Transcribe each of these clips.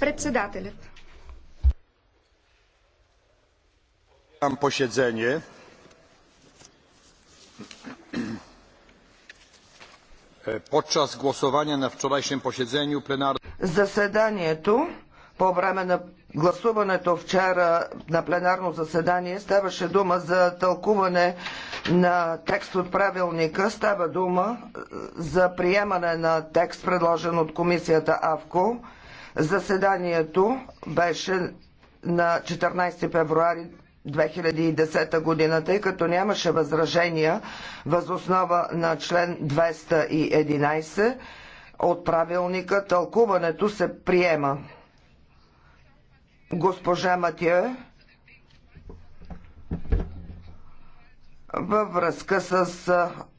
Председателят. Посещение. Podczas głosowania na wczorajszym posiedzeniu plenarnym. Заседанието по време на гласуването вчера на пленарно заседание ставаше дума за тълкуване на текст от правилника. Става дума за приемане на текст, предложен от комисията АВКО. Заседанието беше на 14 февруари 2010 година, тъй като нямаше възражения възоснова на член 211 от правилника, тълкуването се приема. Госпожа Матия във връзка с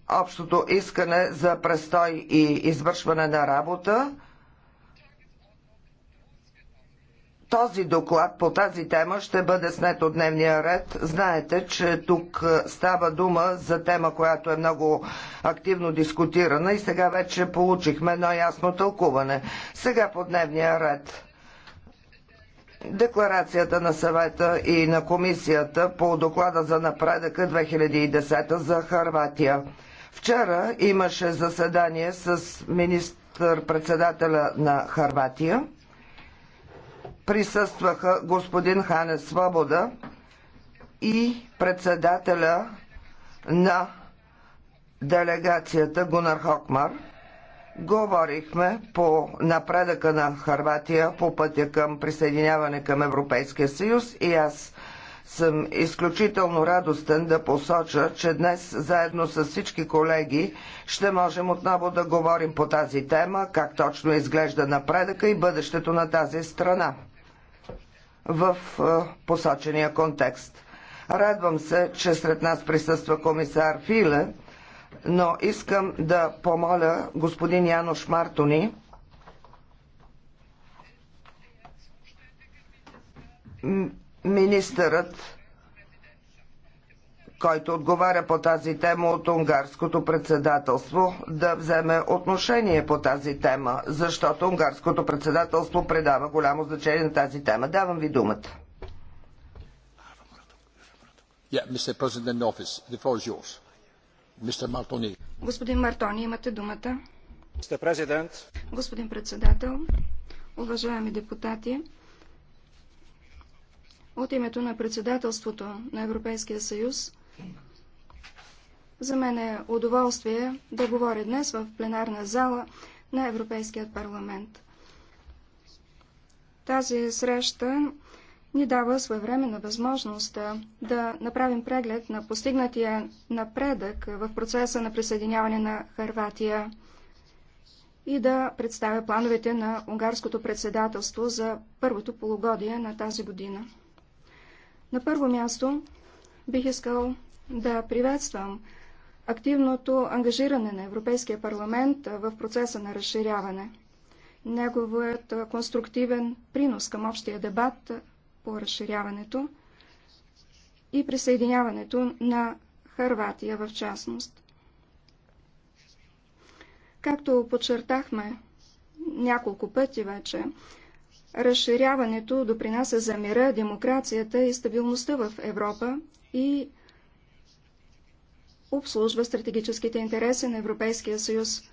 общото искане за престой и извършване на работа този доклад по тази тема ще бъде снет от дневния ред. Знаете, че тук е, става дума за тема, която е много активно дискутирана и сега вече получихме едно ясно тълкуване. Сега по дневния ред. Декларацията на съвета и на комисията по доклада за напредъка 2010 за Харватия. Вчера имаше заседание с министър-председателя на Харватия присъстваха господин Хане Свобода и председателя на делегацията Гунар Хокмар. Говорихме по напредъка на Харватия по пътя към присъединяване към Европейския съюз и аз съм изключително радостен да посоча, че днес заедно с всички колеги ще можем отново да говорим по тази тема, как точно изглежда напредъка и бъдещето на тази страна в посочения контекст. Радвам се, че сред нас присъства комисар Филе, но искам да помоля господин Янош Мартони, министърът който отговаря по тази тема от унгарското председателство, да вземе отношение по тази тема, защото унгарското председателство предава голямо значение на тази тема. Давам ви думата. Господин Мартони, имате думата. Господин председател, уважаеми депутати, от името на председателството на Европейския съюз за мен е удоволствие да говоря днес в пленарна зала на Европейският парламент. Тази среща ни дава своевременна възможност да направим преглед на постигнатия напредък в процеса на присъединяване на Харватия и да представя плановете на унгарското председателство за първото полугодие на тази година. На първо място бих искал да приветствам активното ангажиране на Европейския парламент в процеса на разширяване. Неговият конструктивен принос към общия дебат по разширяването и присъединяването на Харватия в частност. Както подчертахме няколко пъти вече, разширяването допринася за мира, демокрацията и стабилността в Европа и обслужва стратегическите интереси на Европейския съюз,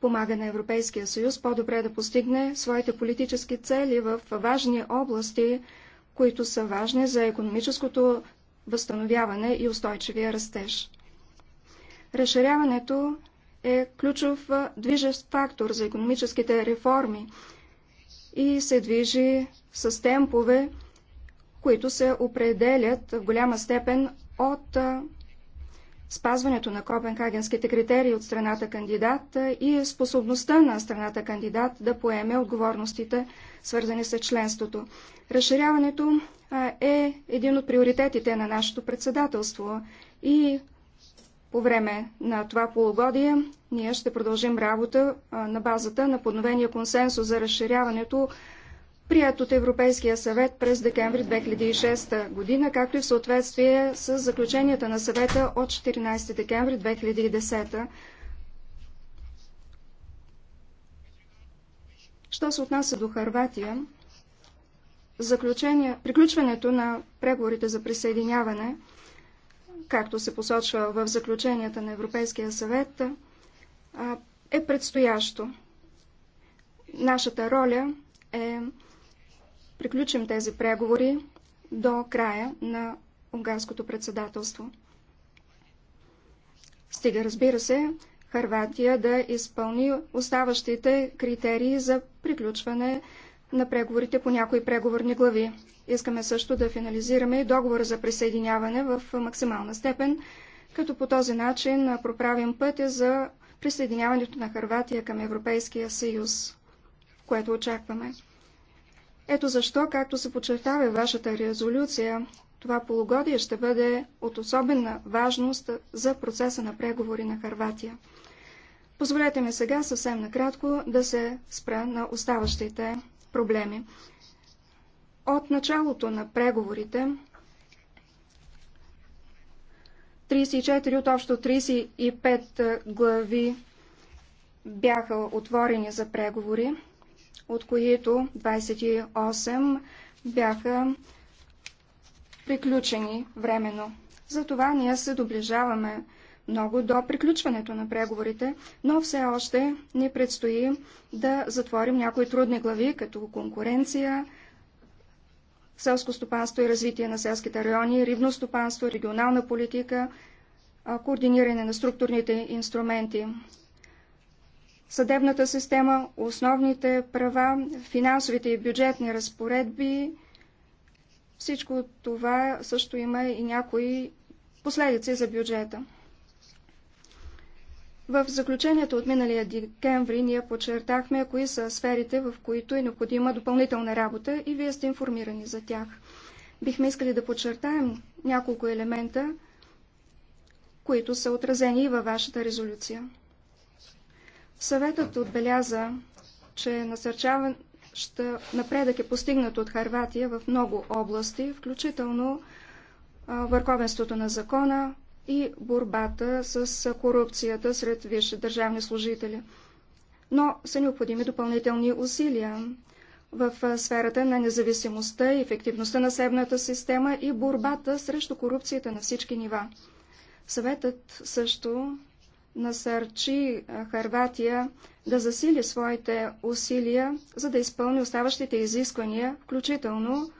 помага на Европейския съюз по-добре да постигне своите политически цели в важни области, които са важни за економическото възстановяване и устойчивия растеж. Разширяването е ключов движещ фактор за економическите реформи и се движи с темпове, които се определят в голяма степен от спазването на копенхагенските критерии от страната кандидат и способността на страната кандидат да поеме отговорностите, свързани с членството. Разширяването е един от приоритетите на нашето председателство и по време на това полугодие ние ще продължим работа на базата на подновения консенсус за разширяването прият от Европейския съвет през декември 2006 година, както и в съответствие с заключенията на съвета от 14 декември 2010. Що се отнася до Харватия, приключването на преговорите за присъединяване, както се посочва в заключенията на Европейския съвет, е предстоящо. Нашата роля е приключим тези преговори до края на унгарското председателство. Стига, разбира се, Харватия да изпълни оставащите критерии за приключване на преговорите по някои преговорни глави. Искаме също да финализираме и договора за присъединяване в максимална степен, като по този начин проправим пътя за присъединяването на Харватия към Европейския съюз, което очакваме. Ето защо, както се подчертава вашата резолюция, това полугодие ще бъде от особена важност за процеса на преговори на Харватия. Позволете ми сега съвсем накратко да се спра на оставащите проблеми. От началото на преговорите 34 от общо 35 глави бяха отворени за преговори от които 28 бяха приключени временно. Затова ние се доближаваме много до приключването на преговорите, но все още ни предстои да затворим някои трудни глави, като конкуренция, селско стопанство и развитие на селските райони, рибно стопанство, регионална политика, координиране на структурните инструменти съдебната система, основните права, финансовите и бюджетни разпоредби. Всичко това също има и някои последици за бюджета. В заключението от миналия декември ние подчертахме кои са сферите, в които е необходима допълнителна работа и вие сте информирани за тях. Бихме искали да подчертаем няколко елемента, които са отразени и във вашата резолюция. Съветът отбеляза, че насърчаваща напредък е постигнат от Харватия в много области, включително върховенството на закона и борбата с корупцията сред висши държавни служители. Но са необходими допълнителни усилия в сферата на независимостта, и ефективността на съдебната система и борбата срещу корупцията на всички нива. Съветът също насърчи Харватия да засили своите усилия, за да изпълни оставащите изисквания, включително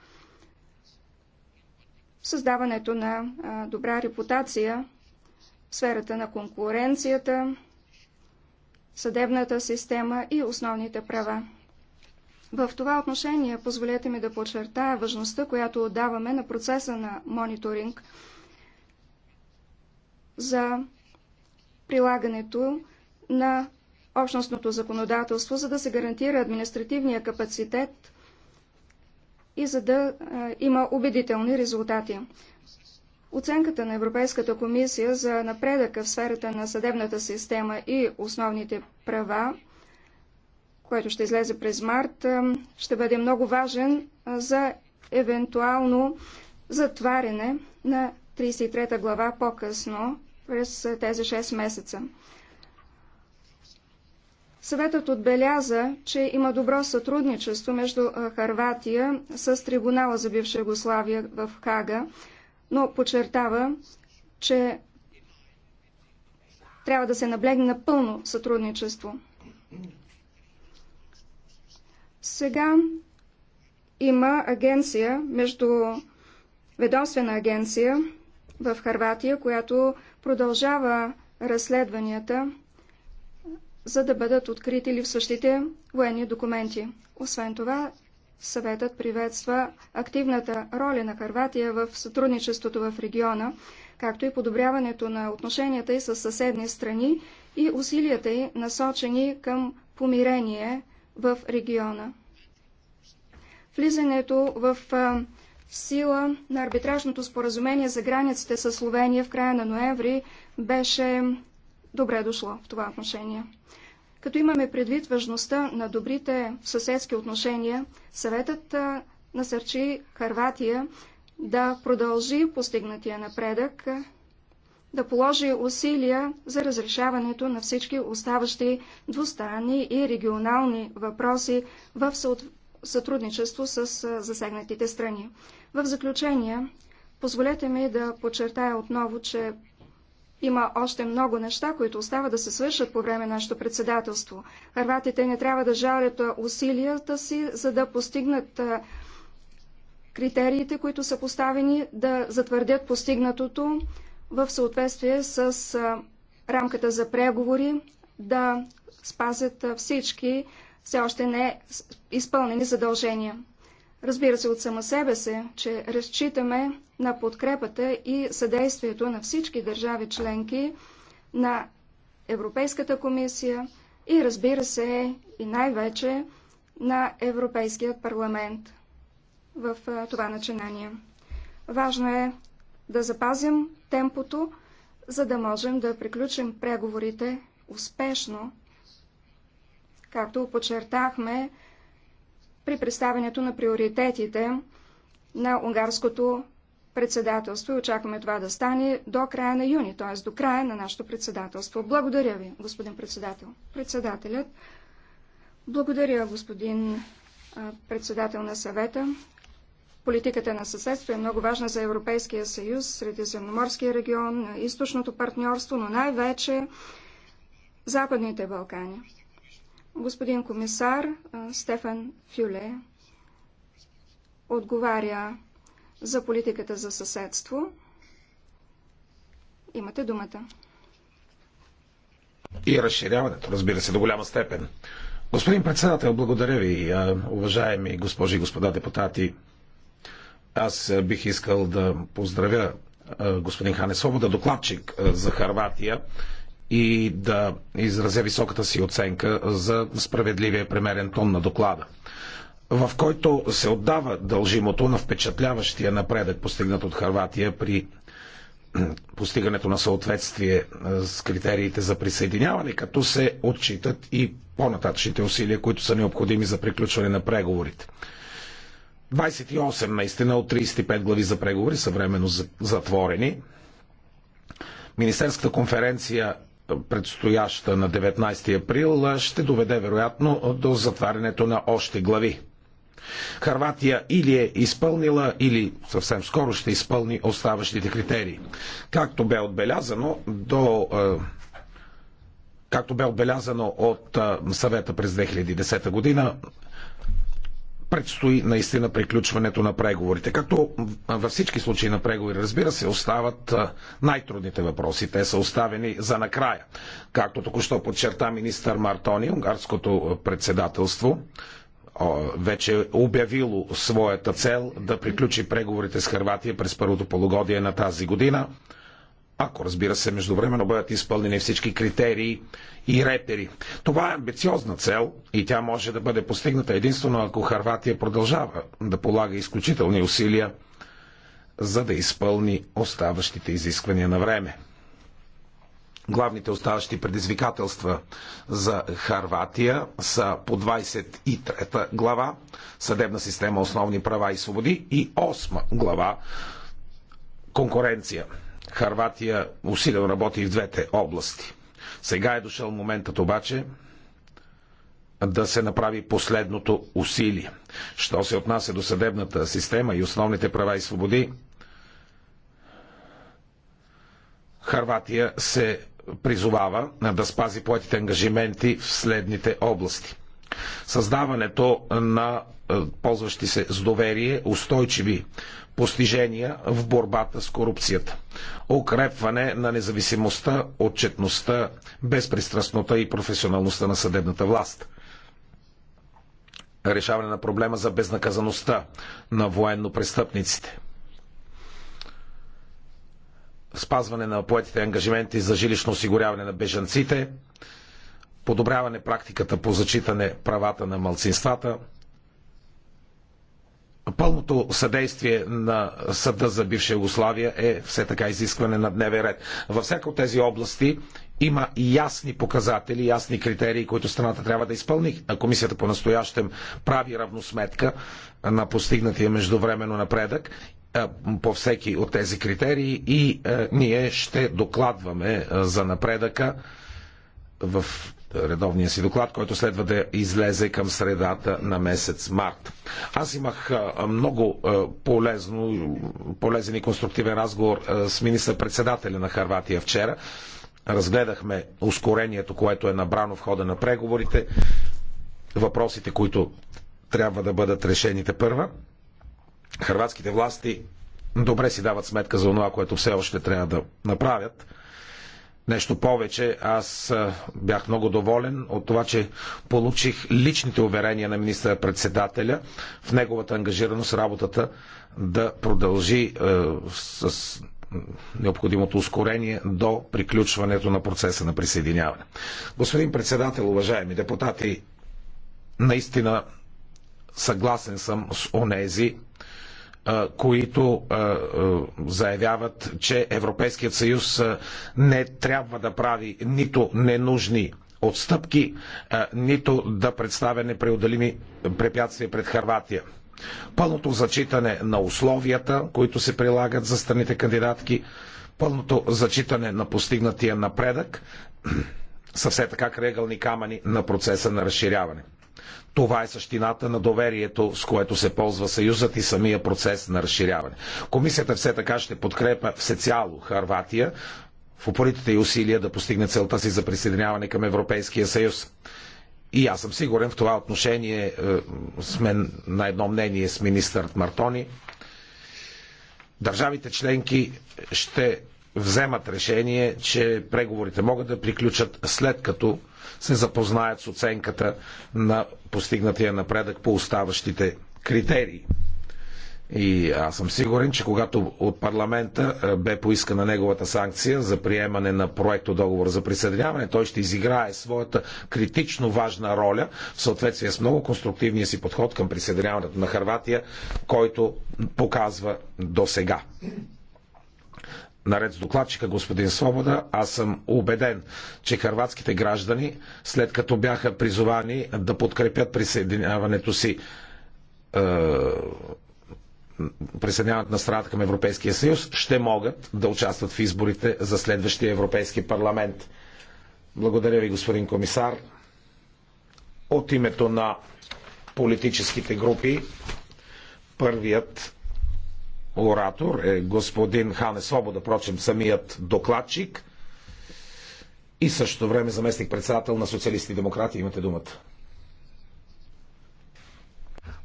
създаването на добра репутация в сферата на конкуренцията, съдебната система и основните права. В това отношение позволете ми да подчертая важността, която отдаваме на процеса на мониторинг за прилагането на общностното законодателство, за да се гарантира административния капацитет и за да а, има убедителни резултати. Оценката на Европейската комисия за напредъка в сферата на съдебната система и основните права, което ще излезе през март, ще бъде много важен за евентуално затваряне на 33 глава по-късно през е, тези 6 месеца. Съветът отбеляза, че има добро сътрудничество между е, Харватия с Трибунала за бивша Югославия в Хага, но подчертава, че трябва да се наблегне на пълно сътрудничество. Сега има агенция, между ведомствена агенция в Харватия, която продължава разследванията, за да бъдат открити същите военни документи. Освен това, съветът приветства активната роля на Харватия в сътрудничеството в региона, както и подобряването на отношенията й с съседни страни и усилията й насочени към помирение в региона. Влизането в сила на арбитражното споразумение за границите с Словения в края на ноември беше добре дошло в това отношение. Като имаме предвид важността на добрите съседски отношения, съветът насърчи Харватия да продължи постигнатия напредък, да положи усилия за разрешаването на всички оставащи двустранни и регионални въпроси в съответствие сътрудничество с засегнатите страни. В заключение, позволете ми да подчертая отново, че има още много неща, които остава да се свършат по време на нашето председателство. Харватите не трябва да жалят усилията си, за да постигнат критериите, които са поставени, да затвърдят постигнатото в съответствие с рамката за преговори, да спазят всички все още не изпълнени задължения. Разбира се от само себе се, че разчитаме на подкрепата и съдействието на всички държави членки, на Европейската комисия и разбира се и най-вече на Европейският парламент в това начинание. Важно е да запазим темпото, за да можем да приключим преговорите успешно както подчертахме при представянето на приоритетите на унгарското председателство и очакваме това да стане до края на юни, т.е. до края на нашето председателство. Благодаря ви, господин председател. Председателят. Благодаря, господин председател на съвета. Политиката на съседство е много важна за Европейския съюз, Средиземноморския регион, източното партньорство, но най-вече Западните Балкани. Господин комисар Стефан Фюле отговаря за политиката за съседство. Имате думата. И разширяването, разбира се, до голяма степен. Господин председател, благодаря ви, уважаеми госпожи и господа депутати. Аз бих искал да поздравя господин Хане Свобода, докладчик за Харватия и да изразя високата си оценка за справедливия премерен тон на доклада в който се отдава дължимото на впечатляващия напредък, постигнат от Харватия при постигането на съответствие е, с критериите за присъединяване, като се отчитат и по-нататъчните усилия, които са необходими за приключване на преговорите. 28 наистина от 35 глави за преговори са временно затворени. Министерската конференция предстояща на 19 април, ще доведе вероятно до затварянето на още глави. Харватия или е изпълнила, или съвсем скоро ще изпълни оставащите критерии. Както бе отбелязано до както бе отбелязано от съвета през 2010 година, предстои наистина приключването на преговорите. Като във всички случаи на преговори, разбира се, остават най-трудните въпроси. Те са оставени за накрая. Както току-що подчерта министър Мартони, унгарското председателство вече е обявило своята цел да приключи преговорите с Харватия през първото полугодие на тази година. Ако, разбира се, междувременно бъдат изпълнени всички критерии и репери. Това е амбициозна цел и тя може да бъде постигната единствено ако Харватия продължава да полага изключителни усилия за да изпълни оставащите изисквания на време. Главните оставащи предизвикателства за Харватия са по 23 глава Съдебна система, основни права и свободи и 8 глава Конкуренция. Харватия усилено работи в двете области. Сега е дошъл моментът обаче да се направи последното усилие. Що се отнася до съдебната система и основните права и свободи, Харватия се призовава да спази поетите ангажименти в следните области. Създаването на е, ползващи се с доверие устойчиви постижения в борбата с корупцията. Укрепване на независимостта, отчетността, безпристрастността и професионалността на съдебната власт. Решаване на проблема за безнаказаността на военно-престъпниците. Спазване на поетите ангажименти за жилищно осигуряване на бежанците. Подобряване практиката по зачитане правата на малцинствата пълното съдействие на съда за бивша Югославия е все така изискване на дневен ред. Във всяка от тези области има ясни показатели, ясни критерии, които страната трябва да изпълни. Комисията по настоящем прави равносметка на постигнатия междувременно напредък е, по всеки от тези критерии и е, ние ще докладваме е, за напредъка в редовния си доклад, който следва да излезе към средата на месец март. Аз имах много полезно, полезен и конструктивен разговор с министър-председателя на Харватия вчера. Разгледахме ускорението, което е набрано в хода на преговорите, въпросите, които трябва да бъдат решените първа. Харватските власти добре си дават сметка за това, което все още трябва да направят – Нещо повече, аз бях много доволен от това, че получих личните уверения на министър-председателя в неговата ангажираност работата да продължи е, с необходимото ускорение до приключването на процеса на присъединяване. Господин председател, уважаеми депутати, наистина съгласен съм с онези, които заявяват, че Европейският съюз не трябва да прави нито ненужни отстъпки, нито да представя непреодолими препятствия пред Харватия. Пълното зачитане на условията, които се прилагат за страните кандидатки, пълното зачитане на постигнатия напредък са все така крегълни камъни на процеса на разширяване. Това е същината на доверието, с което се ползва Съюзът и самия процес на разширяване. Комисията все така ще подкрепа всецяло Харватия в упоритите и усилия да постигне целта си за присъединяване към Европейския съюз. И аз съм сигурен в това отношение е, сме на едно мнение с министър Мартони. Държавите членки ще вземат решение, че преговорите могат да приключат след като се запознаят с оценката на постигнатия напредък по оставащите критерии. И аз съм сигурен, че когато от парламента е, бе поискана неговата санкция за приемане на проекто договор за присъединяване, той ще изиграе своята критично важна роля в съответствие с много конструктивния си подход към присъединяването на Харватия, който показва до сега наред с докладчика господин Свобода, аз съм убеден, че хърватските граждани, след като бяха призовани да подкрепят присъединяването си е, присъединяването на страната към Европейския съюз, ще могат да участват в изборите за следващия Европейски парламент. Благодаря ви, господин комисар. От името на политическите групи, първият оратор е господин Хане Свобода, прочим самият докладчик и също време заместник председател на социалисти и демократи. Имате думата.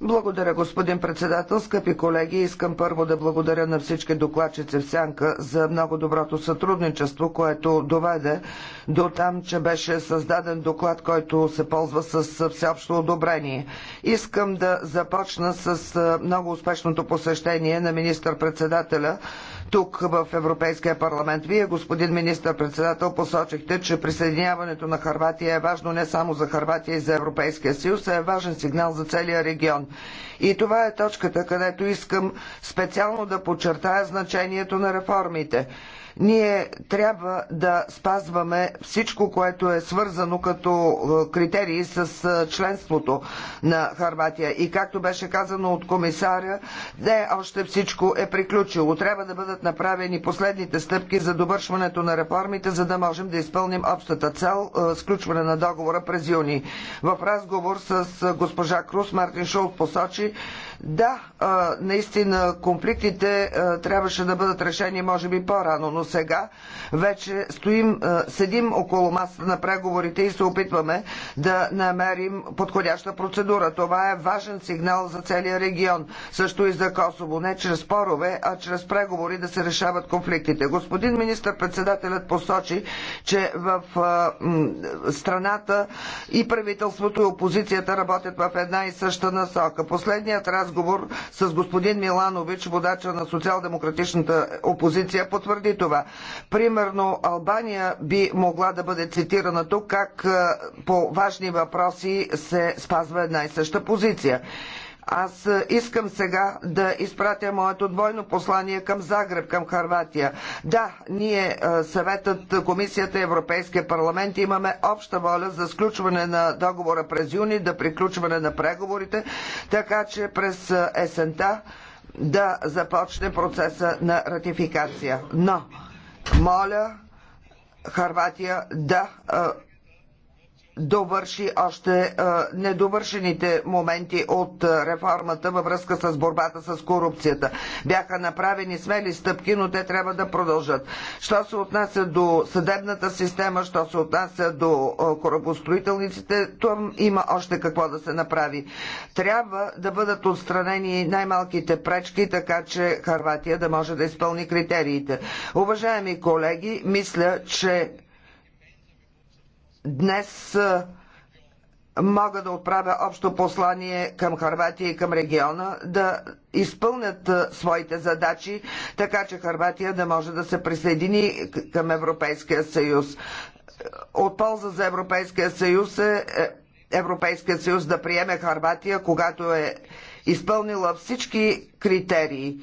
Благодаря, господин председател. Скъпи колеги, искам първо да благодаря на всички докладчици в Сянка за много доброто сътрудничество, което доведе до там, че беше създаден доклад, който се ползва с всеобщо одобрение. Искам да започна с много успешното посещение на министър-председателя тук в Европейския парламент. Вие, господин министър-председател, посочихте, че присъединяването на Харватия е важно не само за Харватия и за Европейския съюз, а е важен сигнал за целия регион. И това е точката, където искам специално да подчертая значението на реформите. Ние трябва да спазваме всичко, което е свързано като е, критерии с е, членството на Харватия. И както беше казано от комисаря, не още всичко е приключило. Трябва да бъдат направени последните стъпки за довършването на реформите, за да можем да изпълним общата цел е, сключване на договора през юни. В разговор с госпожа Крус Мартин Шулт посочи, да, наистина конфликтите трябваше да бъдат решени може би по-рано, но сега вече стоим, седим около масата на преговорите и се опитваме да намерим подходяща процедура. Това е важен сигнал за целия регион, също и за Косово. Не чрез спорове, а чрез преговори да се решават конфликтите. Господин министр-председателят посочи, че в страната и правителството и опозицията работят в една и съща насока. Последният раз разговор с господин Миланович, водача на социал-демократичната опозиция, потвърди това. Примерно Албания би могла да бъде цитирана тук как по важни въпроси се спазва една и съща позиция. Аз е, искам сега да изпратя моето двойно послание към Загреб, към Харватия. Да, ние, е, съветът, комисията и Европейския парламент имаме обща воля за сключване на договора през юни, да приключване на преговорите, така че през е, есента да започне процеса на ратификация. Но, моля Харватия да довърши още недовършените моменти от реформата във връзка с борбата с корупцията. Бяха направени смели стъпки, но те трябва да продължат. Що се отнася до съдебната система, що се отнася до корабостроителниците, там има още какво да се направи. Трябва да бъдат отстранени най-малките пречки, така че Харватия да може да изпълни критериите. Уважаеми колеги, мисля, че Днес мога да отправя общо послание към Харватия и към региона да изпълнят своите задачи, така че Харватия да може да се присъедини към Европейския съюз. От полза за Европейския съюз е, е Европейския съюз да приеме Харватия, когато е изпълнила всички критерии.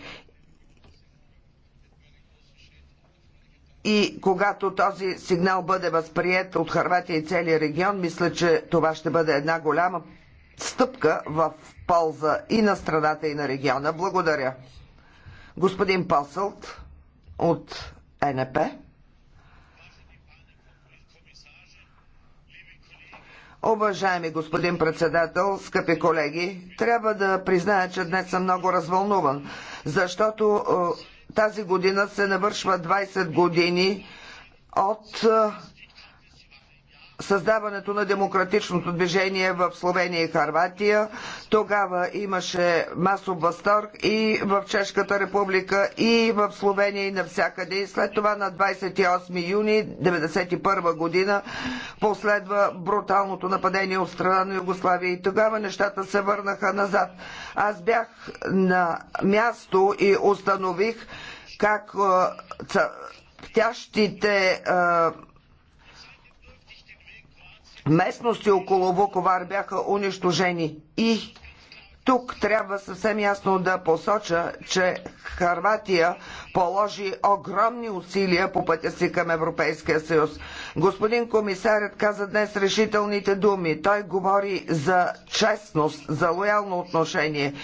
И когато този сигнал бъде възприят от Харватия и целия регион, мисля, че това ще бъде една голяма стъпка в полза и на страната, и на региона. Благодаря. Господин Посълт от НП. Уважаеми господин председател, скъпи колеги, трябва да призная, че днес съм много развълнуван, защото е, тази година се навършва 20 години от е, създаването на демократичното движение в Словения и Харватия. Тогава имаше масов възторг и в Чешката република, и в Словения, и навсякъде. И след това на 28 юни 1991 година последва бруталното нападение от страна на Югославия. И тогава нещата се върнаха назад. Аз бях на място и установих как е, тящите е, местности около Вуковар бяха унищожени и тук трябва съвсем ясно да посоча, че Харватия положи огромни усилия по пътя си към Европейския съюз. Господин комисарят каза днес решителните думи. Той говори за честност, за лоялно отношение.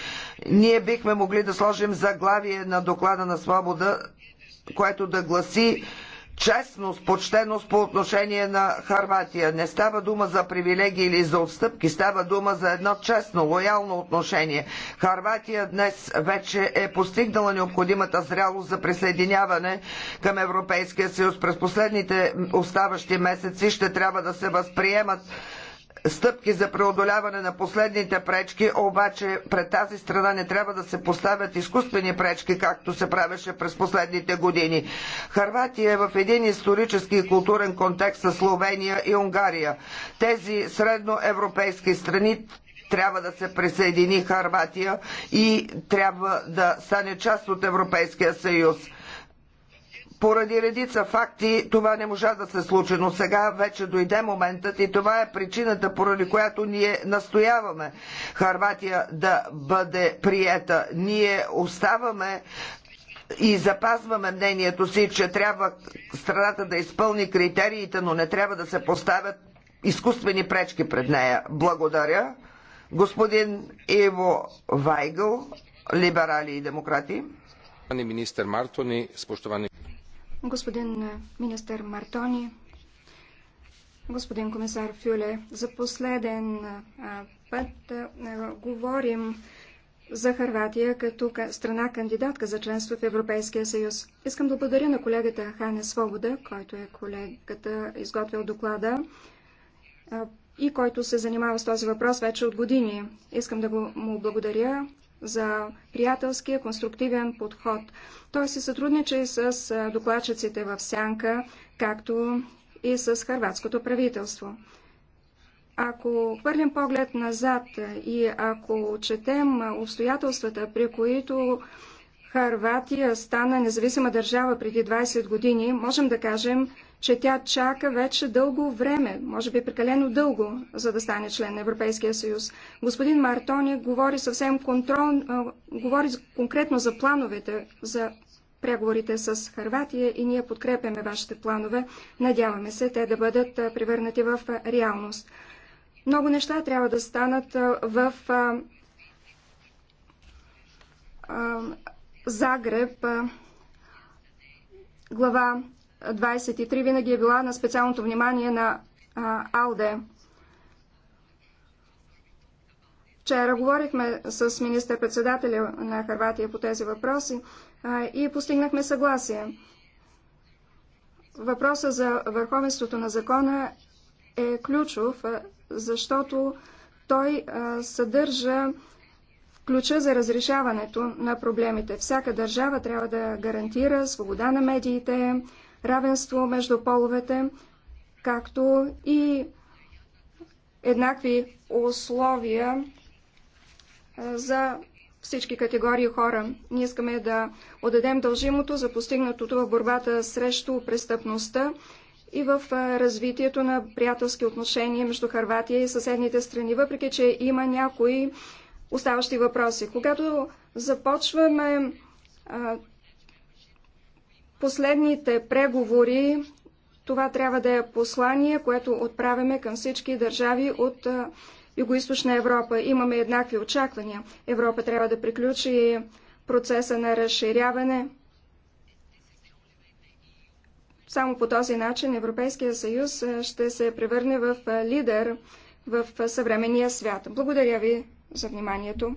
Ние бихме могли да сложим заглавие на доклада на свобода, което да гласи честност, почтеност по отношение на Харватия. Не става дума за привилегии или за отстъпки, става дума за едно честно, лоялно отношение. Харватия днес вече е постигнала необходимата зрялост за присъединяване към Европейския съюз. През последните оставащи месеци ще трябва да се възприемат стъпки за преодоляване на последните пречки, обаче пред тази страна не трябва да се поставят изкуствени пречки, както се правеше през последните години. Харватия е в един исторически и културен контекст с Словения и Унгария. Тези средноевропейски страни трябва да се присъедини Харватия и трябва да стане част от Европейския съюз. Поради редица факти това не можа да се случи, но сега вече дойде моментът и това е причината, поради която ние настояваме Харватия да бъде приета. Ние оставаме и запазваме мнението си, че трябва страната да изпълни критериите, но не трябва да се поставят изкуствени пречки пред нея. Благодаря. Господин Иво Вайгъл, либерали и демократи. Министър Мартони, спочтовани господин е, министър Мартони, господин комисар Фюле, за последен е, е, път говорим за Харватия като страна кандидатка за членство в Европейския съюз. Искам да благодаря на колегата Хане Свобода, който е колегата изготвил доклада и който се занимава с този въпрос вече от години. Искам да му благодаря за приятелския конструктивен подход. Той се сътрудничи с докладчиците в Сянка, както и с хърватското правителство. Ако хвърлим поглед назад и ако четем обстоятелствата, при които Харватия стана независима държава преди 20 години, можем да кажем, че тя чака вече дълго време, може би прекалено дълго, за да стане член на Европейския съюз. Господин Мартони говори съвсем контрол, говори конкретно за плановете, за преговорите с Харватия и ние подкрепяме вашите планове. Надяваме се те да бъдат превърнати в реалност. Много неща трябва да станат в Загреб, глава 23 винаги е била на специалното внимание на АЛДЕ. Вчера говорихме с министър-председателя на Харватия по тези въпроси и постигнахме съгласие. Въпросът за върховенството на закона е ключов, защото той съдържа ключа за разрешаването на проблемите. Всяка държава трябва да гарантира свобода на медиите, равенство между половете, както и еднакви условия за всички категории хора. Ние искаме да отдадем дължимото за постигнатото в борбата срещу престъпността и в развитието на приятелски отношения между Харватия и съседните страни, въпреки че има някои оставащи въпроси. Когато започваме а, последните преговори това трябва да е послание, което отправяме към всички държави от Юго-Источна Европа. Имаме еднакви очаквания. Европа трябва да приключи процеса на разширяване. Само по този начин Европейския съюз ще се превърне в лидер в съвременния свят. Благодаря ви за вниманието.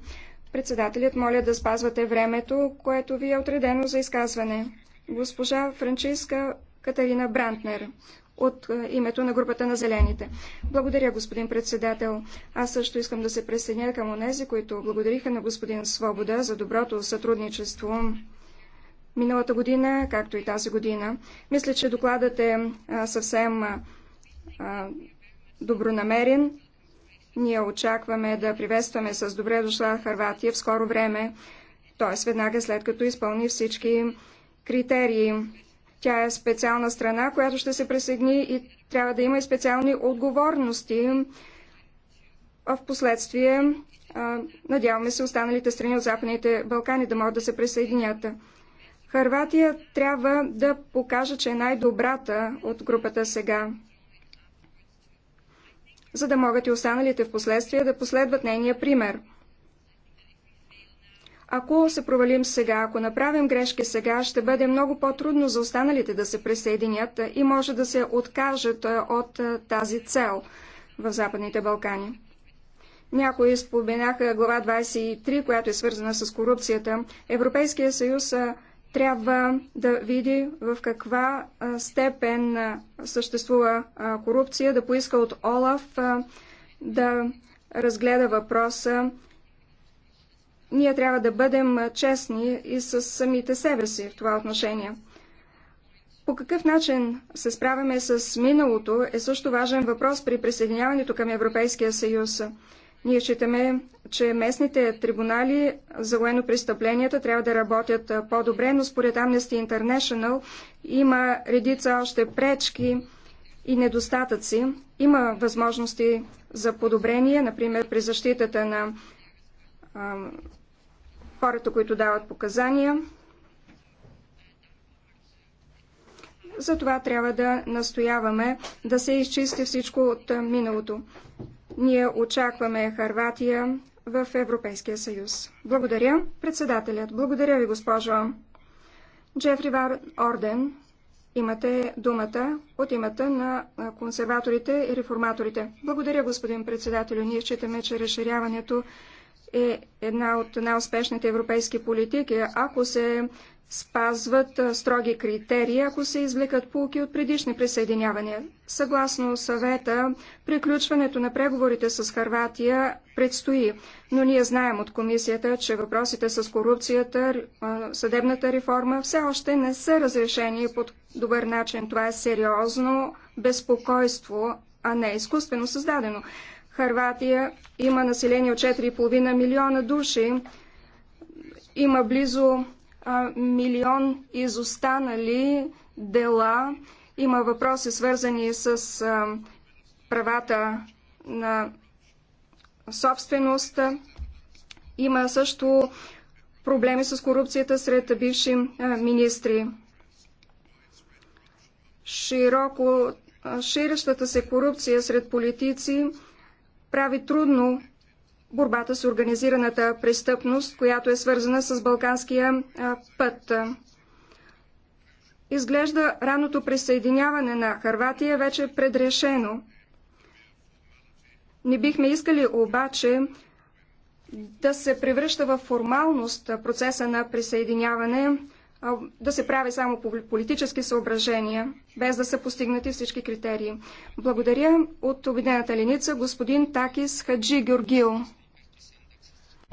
Председателят моля да спазвате времето, което ви е отредено за изказване госпожа Франциска Катерина Брантнер от е, името на групата на Зелените. Благодаря, господин председател. Аз също искам да се присъединя към онези, които благодариха на господин Свобода за доброто сътрудничество миналата година, както и тази година. Мисля, че докладът е, е съвсем е, добронамерен. Ние очакваме да приветстваме с добре дошла Харватия в скоро време, т.е. веднага след като изпълни всички критерии. Тя е специална страна, която ще се присъедини и трябва да има и специални отговорности. А В последствие, надяваме се, останалите страни от Западните Балкани да могат да се присъединят. Харватия трябва да покаже, че е най-добрата от групата сега, за да могат и останалите в последствие да последват нейния пример – ако се провалим сега, ако направим грешки сега, ще бъде много по-трудно за останалите да се присъединят и може да се откажат е, от е, тази цел в Западните Балкани. Някои споменаха глава 23, която е свързана с корупцията. Европейския съюз е, трябва да види в каква степен съществува корупция, да поиска от Олаф да разгледа въпроса ние трябва да бъдем честни и с самите себе си в това отношение. По какъв начин се справяме с миналото е също важен въпрос при присъединяването към Европейския съюз. Ние считаме, че местните трибунали за военно престъпленията трябва да работят по-добре, но според Amnesty International има редица още пречки и недостатъци. Има възможности за подобрение, например при защитата на хората, които дават показания. Затова трябва да настояваме да се изчисти всичко от миналото. Ние очакваме Харватия в Европейския съюз. Благодаря, председателят. Благодаря ви, госпожо. Джефри Вар Орден, имате думата от имата на консерваторите и реформаторите. Благодаря, господин председател. Ние считаме, че разширяването е една от най-успешните европейски политики, ако се спазват строги критерии, ако се извлекат полки от предишни присъединявания. Съгласно съвета, приключването на преговорите с Харватия предстои, но ние знаем от комисията, че въпросите с корупцията, съдебната реформа все още не са разрешени по добър начин. Това е сериозно безпокойство, а не изкуствено създадено. Харватия има население от 4,5 милиона души. Има близо а, милион изостанали дела. Има въпроси свързани с а, правата на собственост. Има също проблеми с корупцията сред бивши министри. Широко ширещата се корупция сред политици прави трудно борбата с организираната престъпност, която е свързана с Балканския път. Изглежда раното присъединяване на Харватия вече е предрешено. Не бихме искали обаче да се превръща в формалност процеса на присъединяване, да се прави само по политически съображения, без да са постигнати всички критерии. Благодаря от Обедената леница господин Такис Хаджи Георгил.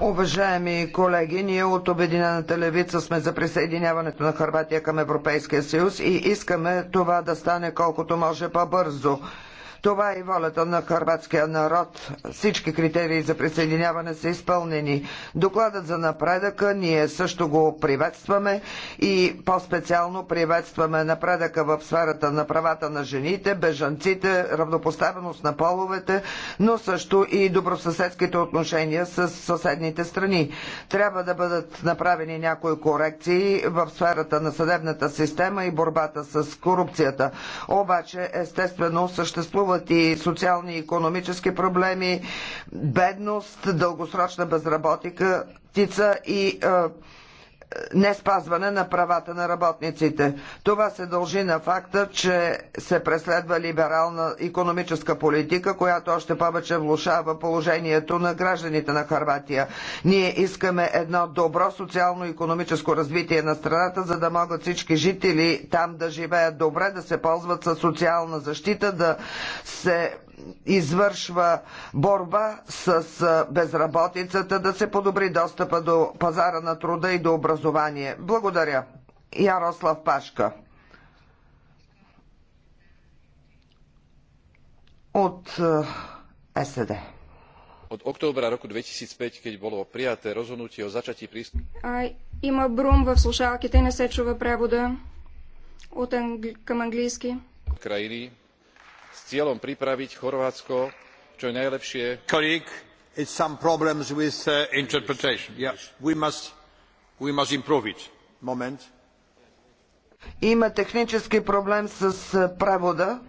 Уважаеми колеги, ние от Обединената левица сме за присъединяването на Харватия към Европейския съюз и искаме това да стане колкото може по-бързо. Това е волята на хърватския народ. Всички критерии за присъединяване са изпълнени. Докладът за напредъка ние също го приветстваме и по-специално приветстваме напредъка в сферата на правата на жените, бежанците, равнопоставеност на половете, но също и добросъседските отношения с съседните страни. Трябва да бъдат направени някои корекции в сферата на съдебната система и борбата с корупцията. Обаче, естествено, съществува и социални и економически проблеми, бедност, дългосрочна безработица и не спазване на правата на работниците. Това се дължи на факта, че се преследва либерална економическа политика, която още повече влушава положението на гражданите на Харватия. Ние искаме едно добро социално-економическо развитие на страната, за да могат всички жители там да живеят добре, да се ползват със социална защита, да се извършва борба с безработицата, да се подобри достъпа до пазара на труда и до образование. Благодаря. Ярослав Пашка. От СД. Od októbra roku 2005, keď bolo prijaté rozhodnutie o začatí prístupu... Има брум в слушалките, не се чува превода от англи... към английски. Крайни s cieľom pripraviť chorvátsko čo najlepšie има технически проблем с превода,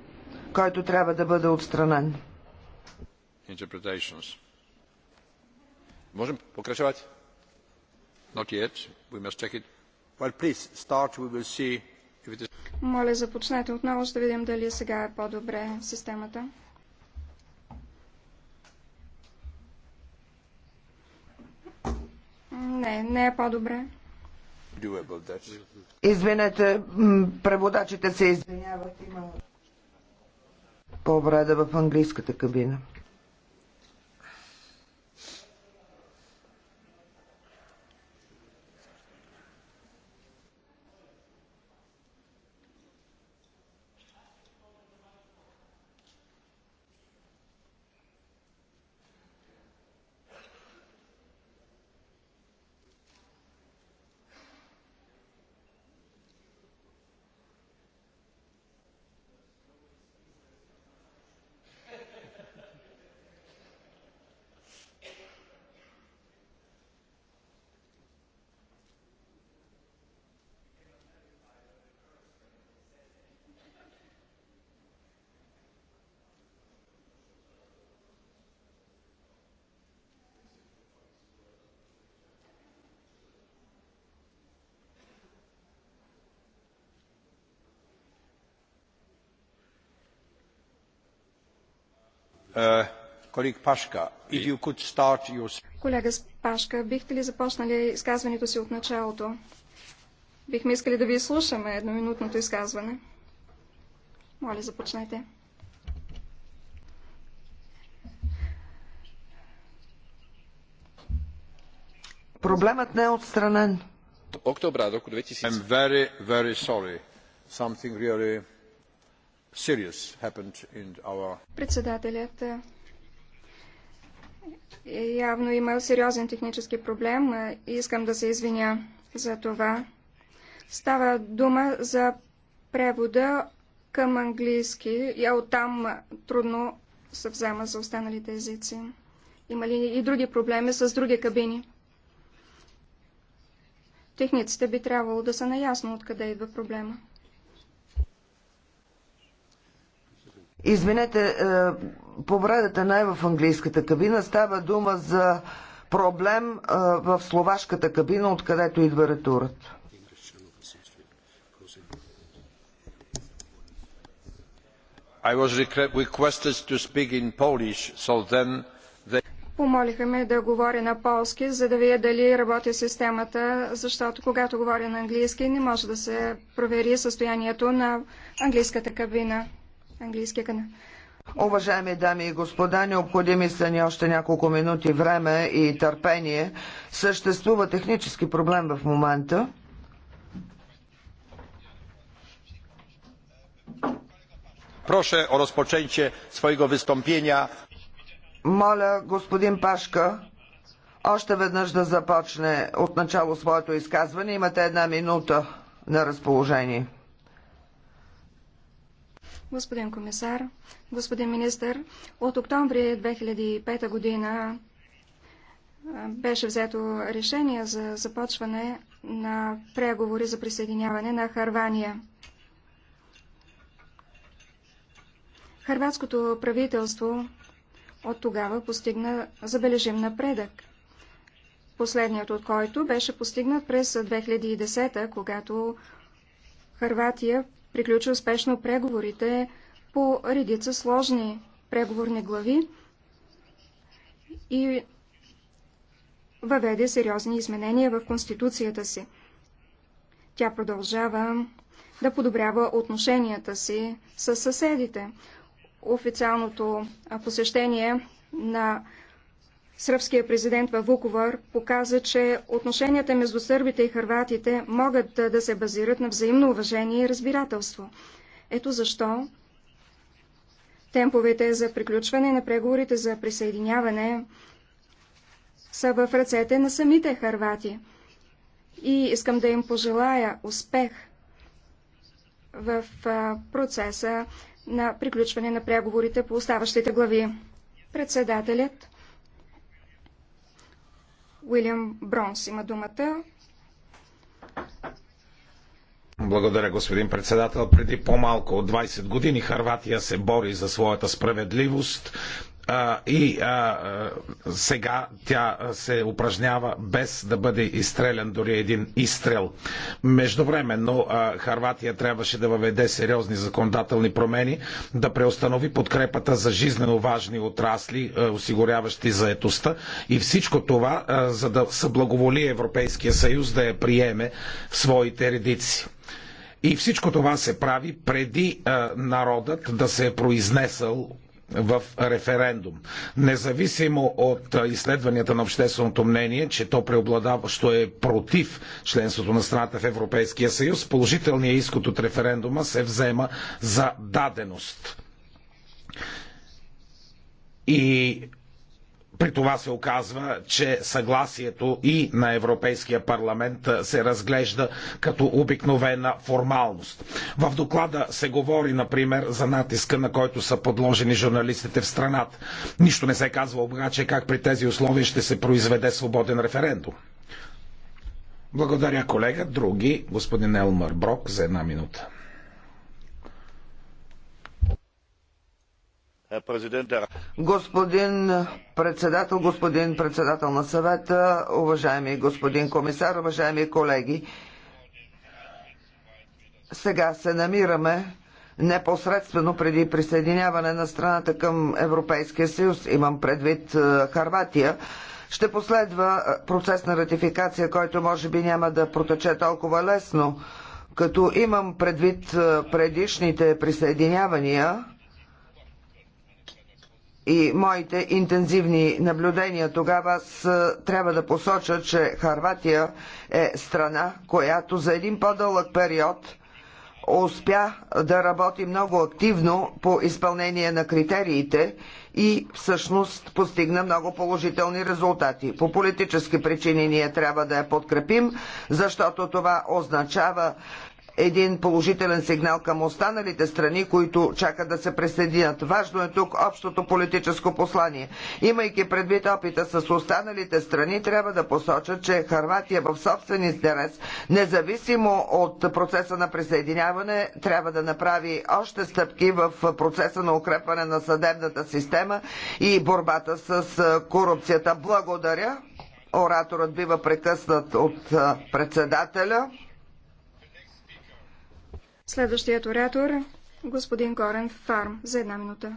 който трябва да бъде отстранен. Можем покрачавать? Not yet. We must check it. Well, please start. We will see моля, започнете отново, ще видим дали е сега е по-добре системата. Не, не е по-добре. Извинете, преводачите се извиняват. Има повреда в английската кабина. Uh, Колега Пашка, бихте ли започнали изказването си от началото? Бихме искали да ви слушаме едноминутното изказване. Моля, започнете. Проблемът не е отстранен. Октobra roku 2000. I'm very, very sorry. Something really Председателят е, явно е има сериозен технически проблем е, и искам да се извиня за това. Става дума за превода към английски и оттам трудно се взема за останалите езици. Има ли и други проблеми с други кабини? Техниците би трябвало да са наясно откъде идва проблема. Извинете, повредата не е в английската кабина. Става дума за проблем е, в словашката кабина, откъдето идва ретурът. Polish, so they... Помолиха ме да говоря на полски, за да видя дали работи системата, защото когато говоря на английски не може да се провери състоянието на английската кабина английския канал. Уважаеми дами и господа, необходими са ни още няколко минути време и търпение. Съществува технически проблем в момента. Проше о разпоченче своего выступления. Моля, господин Пашка, още веднъж да започне от начало своето изказване. Имате една минута на разположение господин комисар, господин министър. От октомври 2005 година беше взето решение за започване на преговори за присъединяване на Харвания. Харватското правителство от тогава постигна забележим напредък. Последният от който беше постигнат през 2010, когато Харватия приключи успешно преговорите по редица сложни преговорни глави и въведе сериозни изменения в Конституцията си. Тя продължава да подобрява отношенията си с съседите. Официалното посещение на сръбския президент във Вуковар показа, че отношенията между сърбите и хърватите могат да се базират на взаимно уважение и разбирателство. Ето защо темповете за приключване на преговорите за присъединяване са в ръцете на самите хървати. И искам да им пожелая успех в процеса на приключване на преговорите по оставащите глави. Председателят Уилям Бронс има думата. Благодаря, господин председател. Преди по-малко от 20 години Харватия се бори за своята справедливост и а, сега тя се упражнява без да бъде изстрелян дори един изстрел. Междувременно а, Харватия трябваше да въведе сериозни законодателни промени, да преустанови подкрепата за жизнено важни отрасли, а, осигуряващи заетостта и всичко това, а, за да съблаговоли Европейския съюз да я приеме в своите редици. И всичко това се прави преди а, народът да се е произнесъл в референдум. Независимо от изследванията на общественото мнение, че то преобладаващо е против членството на страната в Европейския съюз, положителният изход от референдума се взема за даденост. И при това се оказва, че съгласието и на Европейския парламент се разглежда като обикновена формалност. В доклада се говори, например, за натиска, на който са подложени журналистите в страната. Нищо не се казва обаче как при тези условия ще се произведе свободен референдум. Благодаря, колега. Други, господин Елмар Брок, за една минута. Господин председател, господин председател на съвета, уважаеми господин комисар, уважаеми колеги, сега се намираме непосредствено преди присъединяване на страната към Европейския съюз, имам предвид е, Харватия, ще последва е, процес на ратификация, който може би няма да протече толкова лесно, като имам предвид е, предишните присъединявания и моите интензивни наблюдения тогава, аз е, трябва да посоча, че Харватия е страна, която за един по-дълъг период успя да работи много активно по изпълнение на критериите и всъщност постигна много положителни резултати. По политически причини ние трябва да я подкрепим, защото това означава един положителен сигнал към останалите страни, които чакат да се присъединят. Важно е тук общото политическо послание. Имайки предвид опита с останалите страни, трябва да посочат, че Харватия в собствен интерес, независимо от процеса на присъединяване, трябва да направи още стъпки в процеса на укрепване на съдебната система и борбата с корупцията. Благодаря. Ораторът бива прекъснат от председателя. Следващият оратор господин Горен Фарм за една минута.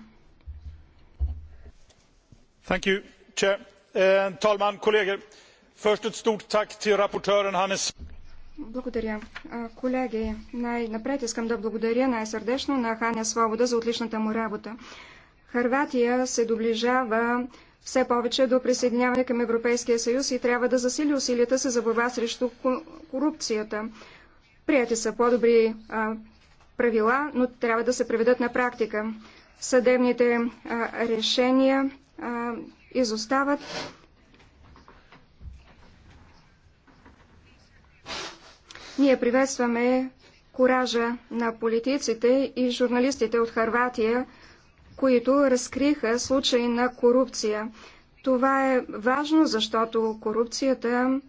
Thank you, Chair. talman, kollegor. first a stort tack till rapportören Hannes. Благодаря. Колеги, най-напред искам да благодаря най-сърдечно на Ханя Свобода за отличната му работа. Харватия се доближава все повече до присъединяване към Европейския съюз и трябва да засили усилията се за борба срещу корупцията. Прияти са по-добри правила, но трябва да се приведат на практика. Съдебните а, решения а, изостават. Ние приветстваме коража на политиците и журналистите от Харватия, които разкриха случаи на корупция. Това е важно, защото корупцията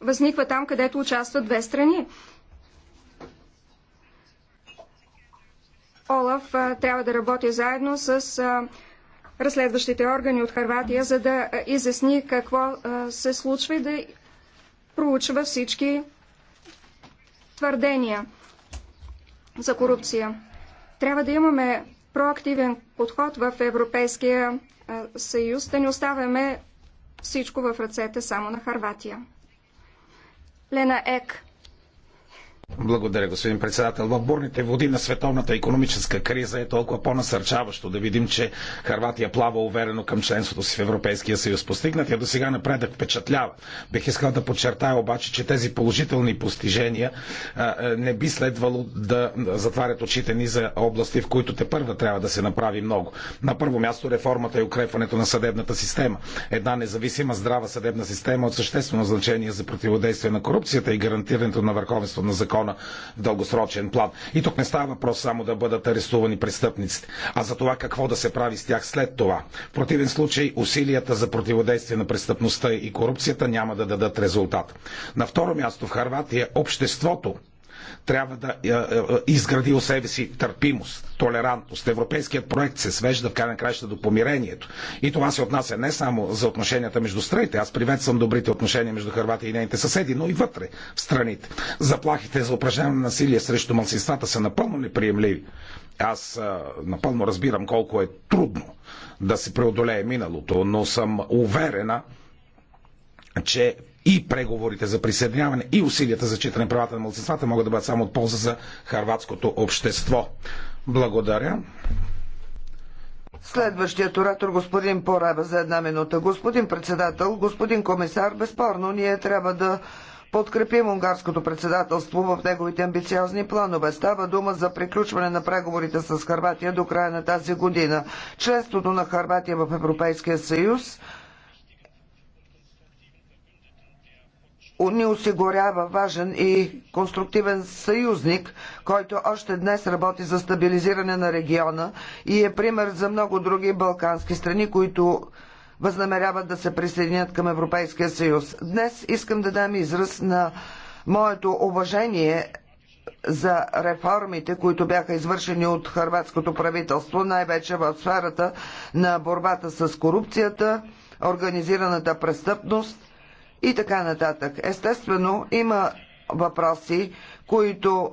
възниква там, където участват две страни. Олаф трябва да работи заедно с разследващите органи от Харватия, за да изясни какво се случва и да проучва всички твърдения за корупция. Трябва да имаме проактивен подход в Европейския съюз, да не оставяме всичко в ръцете само на Харватия. Лена Ек. Благодаря, господин председател. В бурните води на световната економическа криза е толкова по-насърчаващо да видим, че Харватия плава уверено към членството си в Европейския съюз. постигнат я до сега напредък впечатлява. Бих искал да подчертая обаче, че тези положителни постижения не би следвало да затварят очите ни за области, в които те първа трябва да се направи много. На първо място реформата и укрепването на съдебната система. Една независима здрава съдебна система от съществено значение за противодействие на корупцията и гарантирането на върховенство на закон закона в дългосрочен план. И тук не става въпрос само да бъдат арестувани престъпниците, а за това какво да се прави с тях след това. В противен случай усилията за противодействие на престъпността и корупцията няма да дадат резултат. На второ място в Харватия обществото трябва да е, е, е, изгради у себе си търпимост, толерантност. Европейският проект се свежда в крайна краща до помирението. И това се отнася не само за отношенията между страните. Аз приветствам добрите отношения между Хърватия и нейните съседи, но и вътре, в страните. Заплахите за упражняване на насилие срещу малцинствата са напълно неприемливи. Аз напълно разбирам колко е трудно да се преодолее миналото, но съм уверена, че и преговорите за присъединяване и усилията за читане правата на младсинствата могат да бъдат само от полза за харватското общество. Благодаря. Следващият оратор, господин Пораба, за една минута. Господин председател, господин комисар, безспорно ние трябва да подкрепим унгарското председателство в неговите амбициозни планове. Става дума за приключване на преговорите с Харватия до края на тази година. Членството на Харватия в Европейския съюз – ни осигурява важен и конструктивен съюзник, който още днес работи за стабилизиране на региона и е пример за много други балкански страни, които възнамеряват да се присъединят към Европейския съюз. Днес искам да дам израз на моето уважение за реформите, които бяха извършени от хърватското правителство, най-вече в сферата на борбата с корупцията, организираната престъпност и така нататък. Естествено, има въпроси, които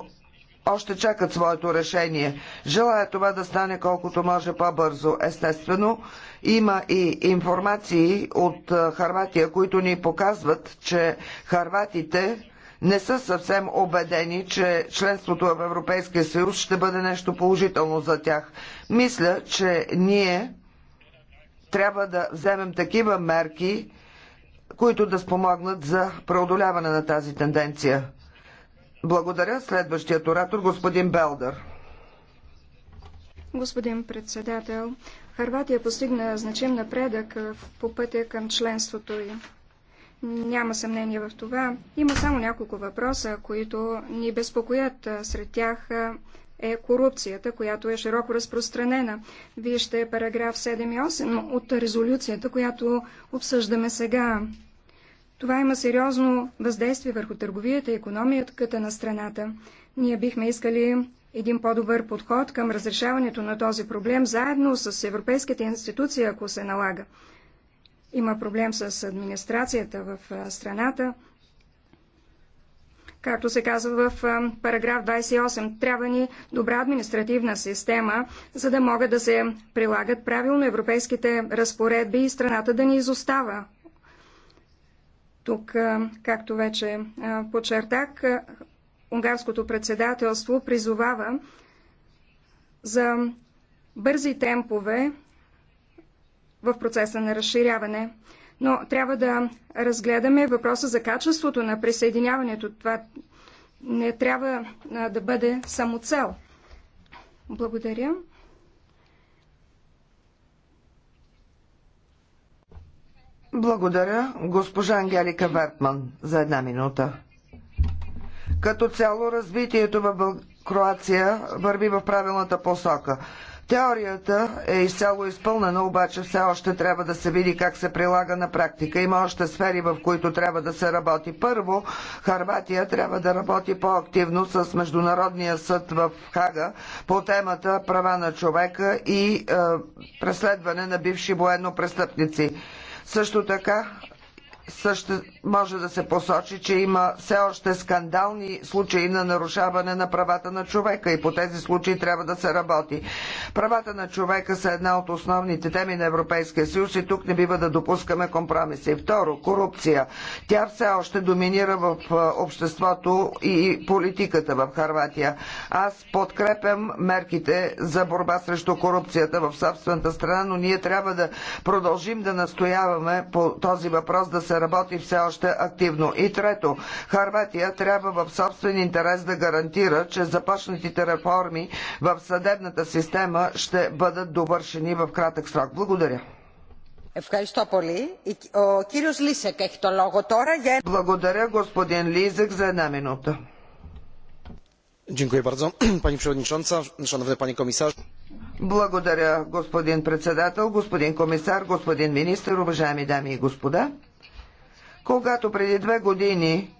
още чакат своето решение. Желая това да стане колкото може по-бързо. Естествено, има и информации от Харватия, които ни показват, че харватите не са съвсем убедени, че членството в Европейския съюз ще бъде нещо положително за тях. Мисля, че ние трябва да вземем такива мерки, които да спомогнат за преодоляване на тази тенденция. Благодаря. Следващият оратор, господин Белдър. Господин председател, Харватия постигна значим напредък по пътя към членството й. Няма съмнение в това. Има само няколко въпроса, които ни безпокоят. Сред тях е корупцията, която е широко разпространена. Вижте параграф 7 и 8 от резолюцията, която обсъждаме сега. Това има сериозно въздействие върху търговията и економията на страната. Ние бихме искали един по-добър подход към разрешаването на този проблем заедно с европейските институции, ако се налага. Има проблем с администрацията в страната. Както се казва в параграф 28, трябва ни добра административна система, за да могат да се прилагат правилно европейските разпоредби и страната да ни изостава тук, както вече подчертах, унгарското председателство призовава за бързи темпове в процеса на разширяване. Но трябва да разгледаме въпроса за качеството на присъединяването. Това не трябва да бъде само цел. Благодаря. Благодаря, госпожа Ангелика Вертман, за една минута. Като цяло развитието в Кроация върви в правилната посока. Теорията е изцяло изпълнена, обаче все още трябва да се види как се прилага на практика. Има още сфери, в които трябва да се работи. Първо, Харватия трябва да работи по-активно с Международния съд в Хага по темата права на човека и е, преследване на бивши военно престъпници. Също така също може да се посочи, че има все още скандални случаи на нарушаване на правата на човека и по тези случаи трябва да се работи. Правата на човека са една от основните теми на Европейския съюз и тук не бива да допускаме компромиси. Второ, корупция. Тя все още доминира в обществото и политиката в Харватия. Аз подкрепям мерките за борба срещу корупцията в собствената страна, но ние трябва да продължим да настояваме по този въпрос да се се работи все още активно. И трето, Харватия трябва в собствен интерес да гарантира, че започнатите реформи в съдебната система ще бъдат довършени в кратък срок. Благодаря. Е- Благодаря господин Лизек за една минута. Благодаря господин председател, господин комисар, господин министр, уважаеми дами и господа. Когато преди две години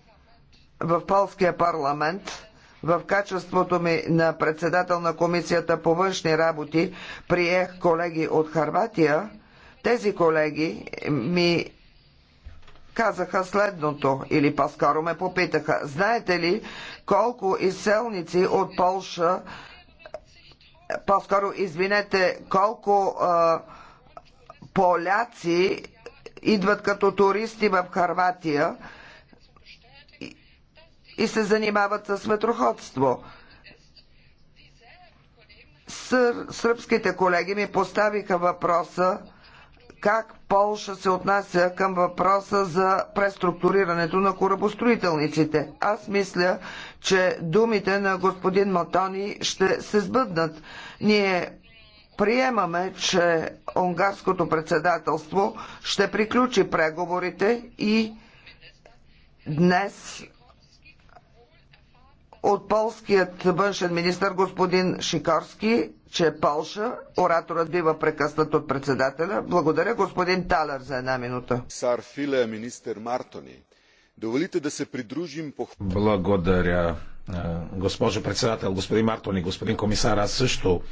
в полския парламент в качеството ми на председател на Комисията по външни работи приех колеги от Харватия. Тези колеги ми казаха следното, или по-скоро ме попитаха. Знаете ли колко изселници от Полша, по-скоро извинете, колко а, поляци идват като туристи в Харватия и се занимават с ветроходство. Сръбските колеги ми поставиха въпроса как Полша се отнася към въпроса за преструктурирането на корабостроителниците. Аз мисля, че думите на господин Матони ще се сбъднат. Ние Приемаме, че унгарското председателство ще приключи преговорите и днес от полският външен министр господин Шикорски, че е Полша, ораторът бива прекъснат от председателя. Благодаря господин Талер за една минута. Сар Филе, министр Мартони, доволите да се придружим по... Благодаря, е, госпожо председател, господин Мартони, господин комисар, аз също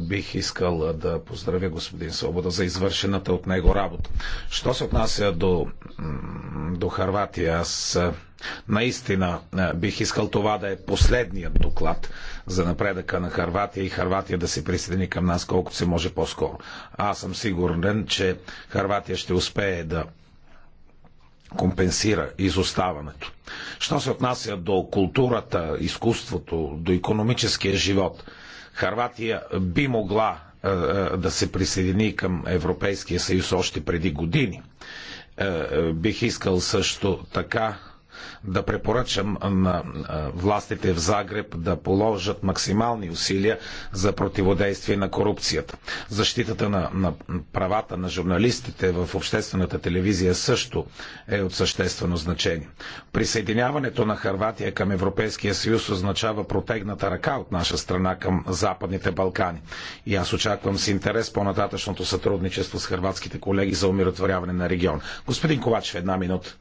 бих искал да поздравя господин Свобода за извършената от него работа. Що се отнася до, до Харватия, аз наистина бих искал това да е последният доклад за напредъка на Харватия и Харватия да се присъедини към нас колкото се може по-скоро. Аз съм сигурен, че Харватия ще успее да компенсира изоставането. Що се отнася до културата, изкуството, до економическия живот – Харватия би могла е, е, да се присъедини към Европейския съюз още преди години. Е, бих искал също така да препоръчам на властите в Загреб да положат максимални усилия за противодействие на корупцията. Защитата на, на правата на журналистите в обществената телевизия също е от съществено значение. Присъединяването на Харватия към Европейския съюз означава протегната ръка от наша страна към Западните Балкани. И аз очаквам с интерес по-нататъчното сътрудничество с харватските колеги за умиротворяване на регион. Господин Ковачев, една минута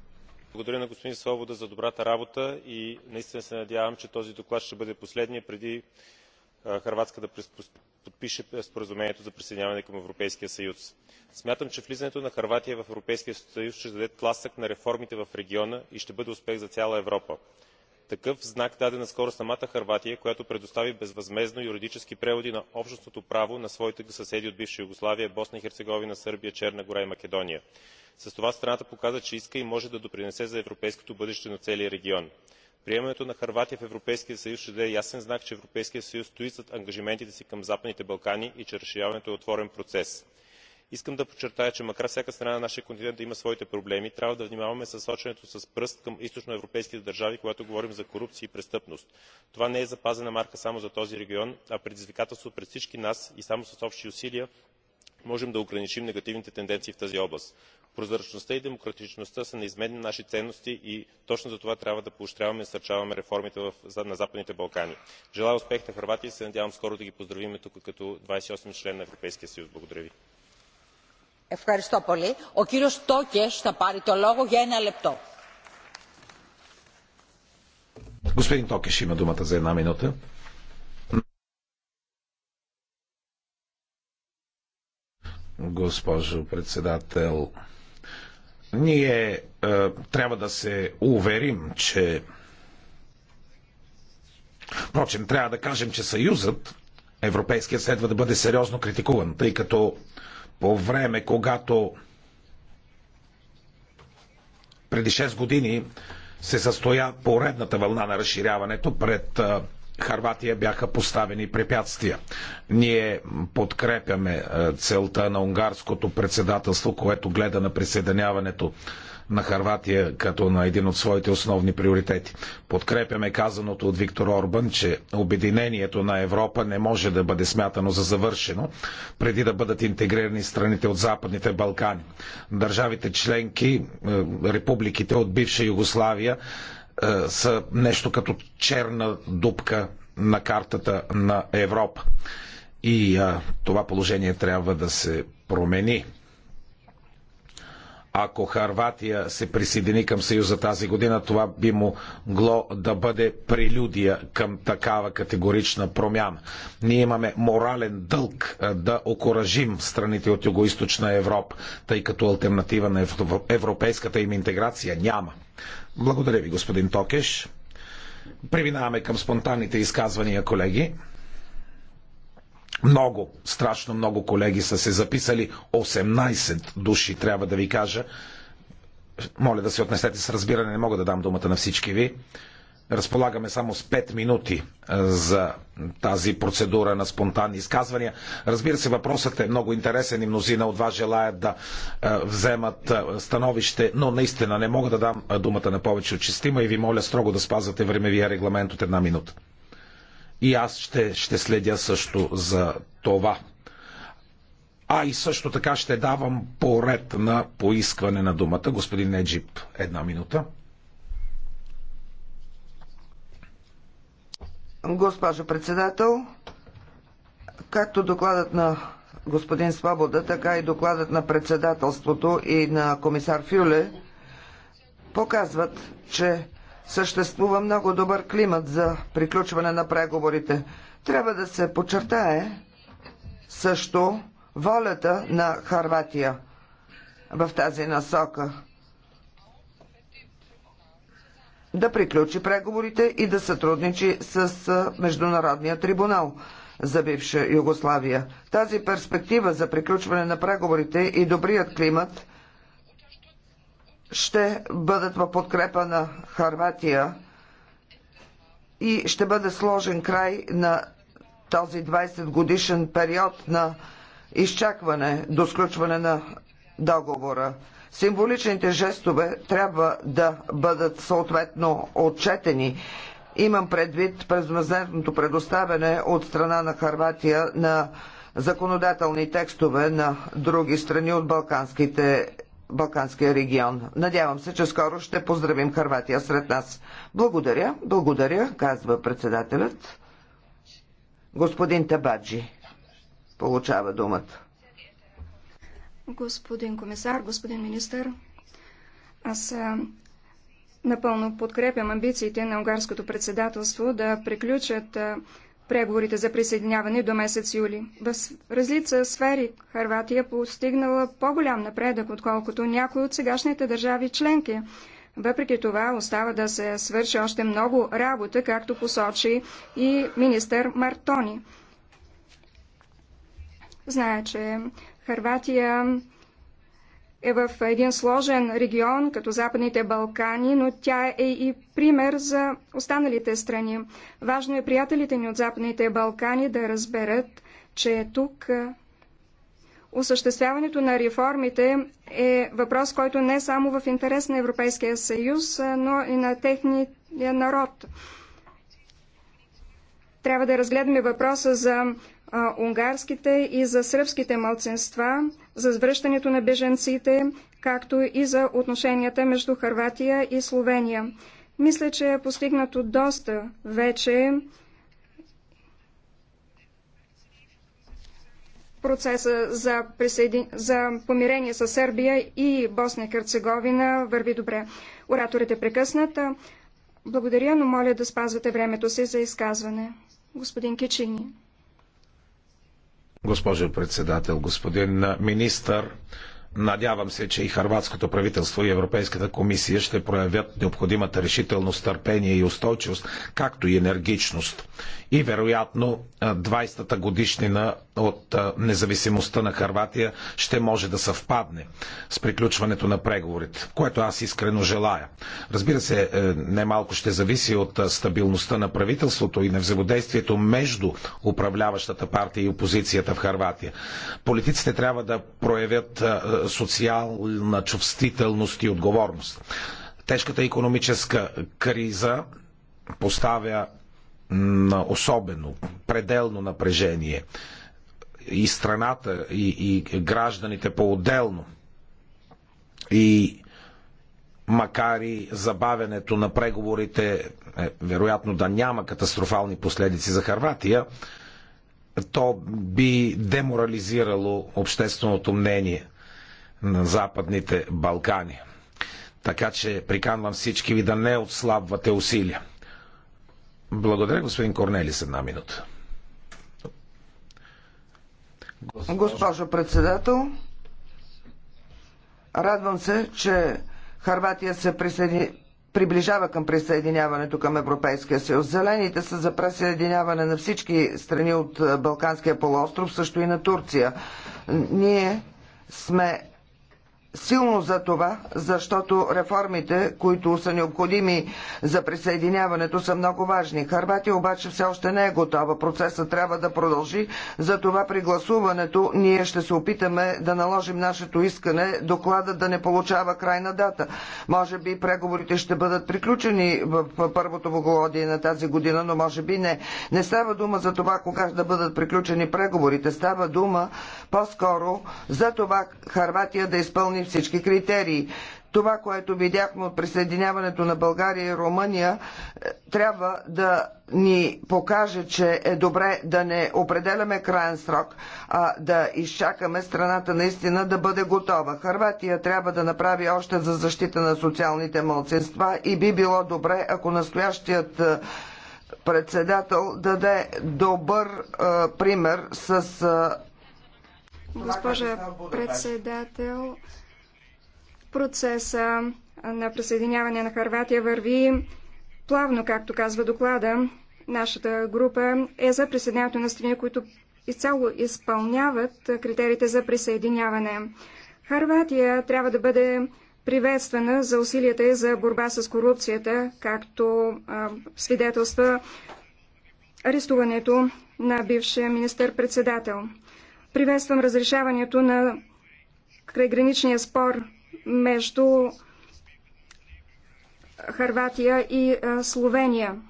благодаря на господин свобода за добрата работа и наистина се надявам че този доклад ще бъде последният преди хърватска да подпише е, споразумението за присъединяване към европейския съюз. смятам че влизането на хърватия в европейския съюз ще даде тласък на реформите в региона и ще бъде успех за цяла европа. такъв знак даде наскоро самата хърватия която предостави безвъзмездно юридически преводи на общностното право на своите съседи от бивша югославия босна и херцеговина сърбия черна гора и македония с това страната показа че иска и може да допринесе за европейското бъдеще на целия регион. приемането на хърватия в европейския съюз ще даде ясен знак че европейският съюз стои зад ангажиментите си към западните балкани и че разширяването е отворен процес. искам да подчертая че макар всяка страна на нашия континент да има своите проблеми трябва да внимаваме със соченето с пръст към източноевропейските държави когато говорим за корупция и престъпност. това не е запазена марка само за този регион а предизвикателство пред всички нас и само с общи усилия можем да ограничим негативните тенденции в тази област. прозрачността и демократичността са неизменни наши ценности и точно затова трябва да поощряваме и насърчаваме реформите на западните балкани. желая успех на хърватия и се надявам скоро да ги поздравим тук като двадесет и осми член на европейския съюз. благодаря ви. Господин има думата за една минута. госпожо председател. Ние е, трябва да се уверим, че. Впрочем, трябва да кажем, че Съюзът, Европейският, следва да бъде сериозно критикуван, тъй като по време, когато преди 6 години се състоя поредната вълна на разширяването пред е, Харватия бяха поставени препятствия. Ние подкрепяме е, целта на унгарското председателство, което гледа на присъединяването на Харватия като на един от своите основни приоритети. Подкрепяме казаното от Виктор Орбан, че обединението на Европа не може да бъде смятано за завършено, преди да бъдат интегрирани страните от Западните Балкани. Държавите членки, е, републиките от бивша Югославия е, са нещо като черна дупка на картата на Европа. И а, е, това положение трябва да се промени. Ако Харватия се присъедини към Съюза тази година, това би могло да бъде прелюдия към такава категорична промяна. Ние имаме морален дълг да окоражим страните от юго Европа, тъй като альтернатива на европейската им интеграция няма. Благодаря ви, господин Токеш. Преминаваме към спонтанните изказвания, колеги. Много, страшно много колеги са се записали. 18 души, трябва да ви кажа. Моля да се отнесете с разбиране, не мога да дам думата на всички ви. Разполагаме само с 5 минути за тази процедура на спонтанни изказвания. Разбира се, въпросът е много интересен и мнозина от вас желаят да вземат становище, но наистина не мога да дам думата на повече от честима и ви моля строго да спазвате времевия регламент от една минута. И аз ще, ще следя също за това. А и също така ще давам поред на поискване на думата. Господин Еджип, една минута. Госпожо председател, както докладът на господин Свобода, така и докладът на председателството и на комисар Фюле показват, че съществува много добър климат за приключване на преговорите. Трябва да се подчертае също волята на Харватия в тази насока да приключи преговорите и да сътрудничи с Международния трибунал за бивша Югославия. Тази перспектива за приключване на преговорите и добрият климат – ще бъдат в подкрепа на Харватия и ще бъде сложен край на този 20 годишен период на изчакване до сключване на договора. Символичните жестове трябва да бъдат съответно отчетени. Имам предвид презмезентното предоставяне от страна на Харватия на законодателни текстове на други страни от Балканските Балканския регион. Надявам се, че скоро ще поздравим Харватия сред нас. Благодаря, благодаря, казва председателят. Господин Табаджи получава думата. Господин комисар, господин министър, аз напълно подкрепям амбициите на унгарското председателство да приключат преговорите за присъединяване до месец юли. В разлица сфери Харватия постигнала по-голям напредък, отколкото някои от сегашните държави членки. Въпреки това остава да се свърши още много работа, както посочи и министър Мартони. Знае, че Харватия е в един сложен регион, като Западните Балкани, но тя е и пример за останалите страни. Важно е приятелите ни от Западните Балкани да разберат, че тук осъществяването на реформите е въпрос, който не е само в интерес на Европейския съюз, но и на техния народ. Трябва да разгледаме въпроса за унгарските и за сръбските мълценства, за връщането на беженците, както и за отношенията между Харватия и Словения. Мисля, че е постигнато доста вече. Процеса за, присъедин... за помирение с Сърбия и Босна и Hercegovina върви добре. Ораторите прекъснат. Благодаря, но моля да спазвате времето си за изказване. Господин Кичини. Госпожо председател, господин министър, Надявам се, че и харватското правителство и Европейската комисия ще проявят необходимата решителност, търпение и устойчивост, както и енергичност. И вероятно 20-та годишнина от независимостта на Харватия ще може да съвпадне с приключването на преговорите, което аз искрено желая. Разбира се, е, немалко ще зависи от стабилността на правителството и на взаимодействието между управляващата партия и опозицията в Харватия. Политиците трябва да проявят социална чувствителност и отговорност. Тежката економическа криза поставя на особено, пределно напрежение и страната, и, и гражданите по-отделно. И макар и забавянето на преговорите, е, вероятно да няма катастрофални последици за Харватия, то би деморализирало общественото мнение – на Западните Балкани. Така че приканвам всички ви да не отслабвате усилия. Благодаря, господин Корнелис, една минута. Госпожо, Госпожо председател, радвам се, че Харватия се присъедини, приближава към присъединяването към Европейския съюз. Зелените са за присъединяване на всички страни от Балканския полуостров, също и на Турция. Ние сме силно за това, защото реформите, които са необходими за присъединяването, са много важни. Харватия обаче все още не е готова. Процесът трябва да продължи. За това при гласуването ние ще се опитаме да наложим нашето искане доклада да не получава крайна дата. Може би преговорите ще бъдат приключени в първото полугодие на тази година, но може би не. Не става дума за това кога ще да бъдат приключени преговорите. Става дума по-скоро за това Харватия да изпълни изпълнени всички критерии. Това, което видяхме от присъединяването на България и Румъния, е, трябва да ни покаже, че е добре да не определяме крайен срок, а да изчакаме страната наистина да бъде готова. Харватия трябва да направи още за защита на социалните мълцинства и би било добре, ако настоящият е, председател даде добър а, е, пример с. А... Госпожа председател, Процеса на присъединяване на Харватия върви плавно, както казва доклада. Нашата група е за присъединяването на страни, които изцяло изпълняват критериите за присъединяване. Харватия трябва да бъде приветствана за усилията и за борба с корупцията, както а, свидетелства арестуването на бившия министър-председател. Приветствам разрешаването на крайграничния спор между Харватия и Словения.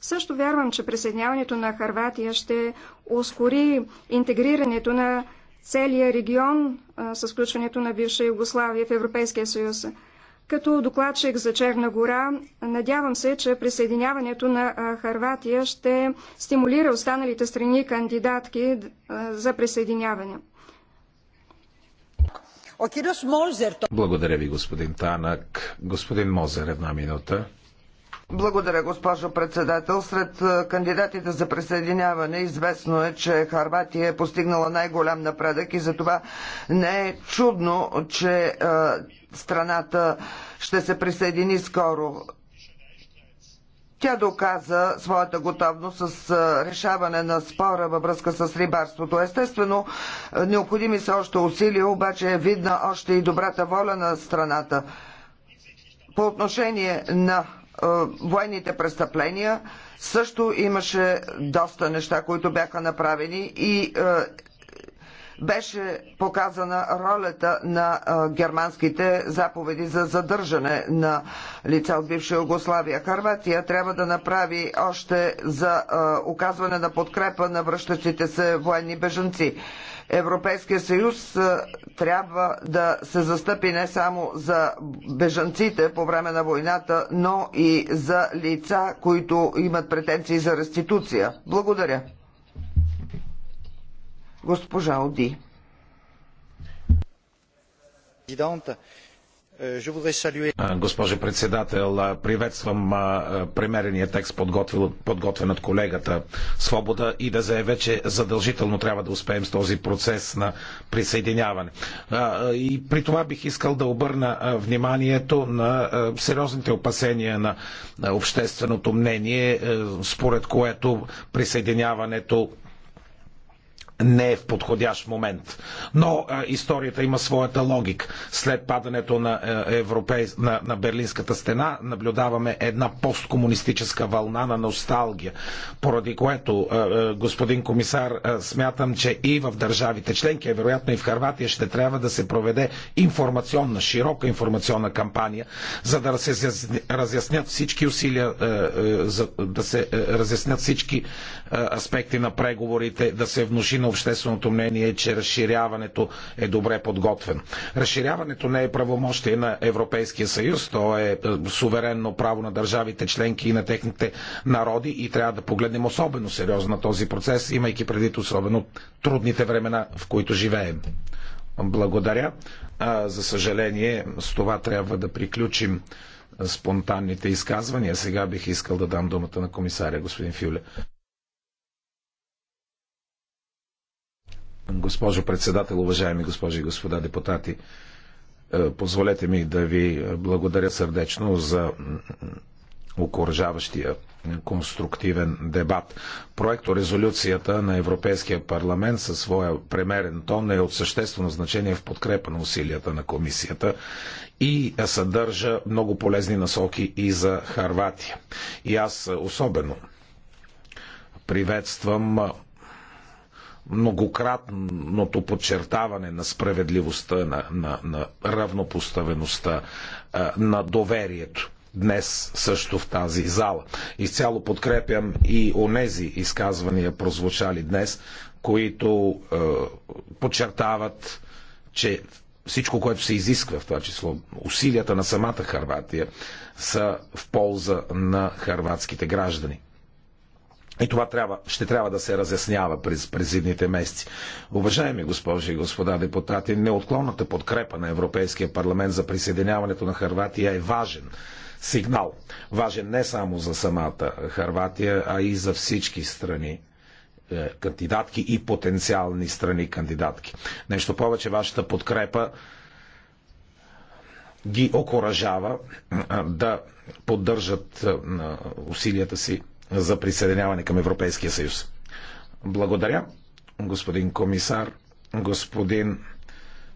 Също вярвам, че присъединяването на Харватия ще ускори интегрирането на целия регион а, с включването на бивша Югославия в Европейския съюз. Като докладчик за Черна гора, надявам се, че присъединяването на Харватия ще стимулира останалите страни кандидатки за присъединяване. Благодаря ви, господин Танък. Господин Мозер, една минута. Благодаря, госпожо председател. Сред кандидатите за присъединяване известно е, че Харватия е постигнала най-голям напредък и затова не е чудно, че страната ще се присъедини скоро. Тя доказа своята готовност с решаване на спора във връзка с рибарството. Естествено, необходими са още усилия, обаче е видна още и добрата воля на страната. По отношение на военните престъпления също имаше доста неща, които бяха направени и беше показана ролята на германските заповеди за задържане на лица от бивша Югославия. Харватия трябва да направи още за оказване на подкрепа на връщащите се военни бежанци. Европейския съюз трябва да се застъпи не само за бежанците по време на войната, но и за лица, които имат претенции за реституция. Благодаря госпожа Оди. Е, госпожо председател, приветствам премерения текст, подготвен от колегата Свобода и да заявя, че задължително трябва да успеем с този процес на присъединяване. И при това бих искал да обърна вниманието на сериозните опасения на общественото мнение, е, според което присъединяването не е в подходящ момент. Но а, е, историята има своята логика. След падането на, е, европей... на, на Берлинската стена наблюдаваме една посткомунистическа вълна на носталгия, поради което, а, е, господин комисар, а, смятам, че и в държавите членки, а вероятно и в Харватия, ще трябва да се проведе информационна, широка информационна кампания, за да се разяснят всички усилия, а, а, за да се разяснят всички а, аспекти на преговорите, да се внуши на на общественото мнение, че разширяването е добре подготвено. Разширяването не е правомощие на Европейския съюз, то е, е суверенно право на държавите членки и на техните народи и трябва да погледнем особено сериозно на този процес, имайки предвид особено трудните времена, в които живеем. Благодаря. А, за съжаление, с това трябва да приключим спонтанните изказвания. Сега бих искал да дам думата на комисаря, господин Фюле. Госпожо председател, уважаеми госпожи и господа депутати, е, позволете ми да ви благодаря сърдечно за окоръжаващия конструктивен дебат. Проекто резолюцията на Европейския парламент със своя премерен тон е от съществено значение в подкрепа на усилията на комисията и съдържа много полезни насоки и за Харватия. И аз особено приветствам многократното подчертаване на справедливостта, на, на, на равнопоставеността, на доверието днес също в тази зала. Изцяло подкрепям и онези изказвания, прозвучали днес, които е, подчертават, че всичко, което се изисква, в това число усилията на самата Харватия, са в полза на харватските граждани. И това трябва, ще трябва да се разяснява през, през едните месеци. Уважаеми госпожи и господа депутати, неотклонната подкрепа на Европейския парламент за присъединяването на Харватия е важен сигнал. Важен не само за самата Харватия, а и за всички страни е, кандидатки и потенциални страни кандидатки. Нещо повече, вашата подкрепа ги окоръжава е, да поддържат е, усилията си за присъединяване към Европейския съюз. Благодаря, господин комисар, господин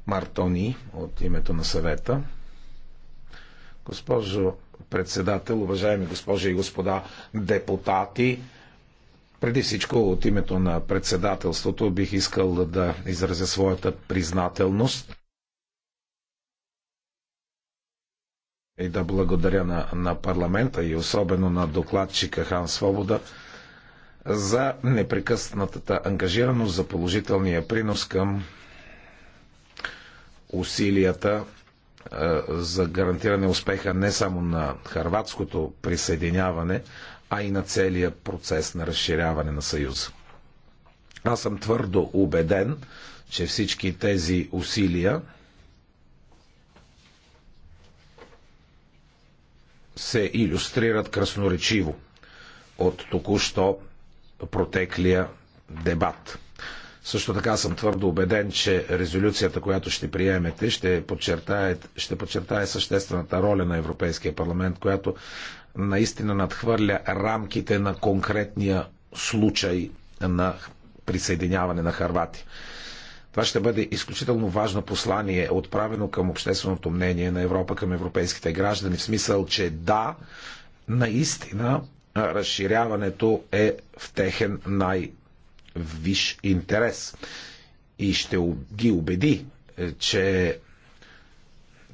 Мартони от името на съвета. Госпожо председател, уважаеми госпожи и господа депутати, преди всичко от името на председателството бих искал да изразя своята признателност и да благодаря на, на парламента и особено на докладчика Хан Свобода за непрекъснатата ангажираност, за положителния принос към усилията е, за гарантиране успеха не само на харватското присъединяване, а и на целия процес на разширяване на Съюза. Аз съм твърдо убеден, че всички тези усилия се иллюстрират красноречиво от току-що протеклия дебат. Също така съм твърдо убеден, че резолюцията, която ще приемете, ще подчертае, ще подчертае съществената роля на Европейския парламент, която наистина надхвърля рамките на конкретния случай на присъединяване на Харватия. Това ще бъде изключително важно послание, отправено към общественото мнение на Европа, към европейските граждани, в смисъл, че да, наистина разширяването е в техен най-виш интерес. И ще ги убеди, е, че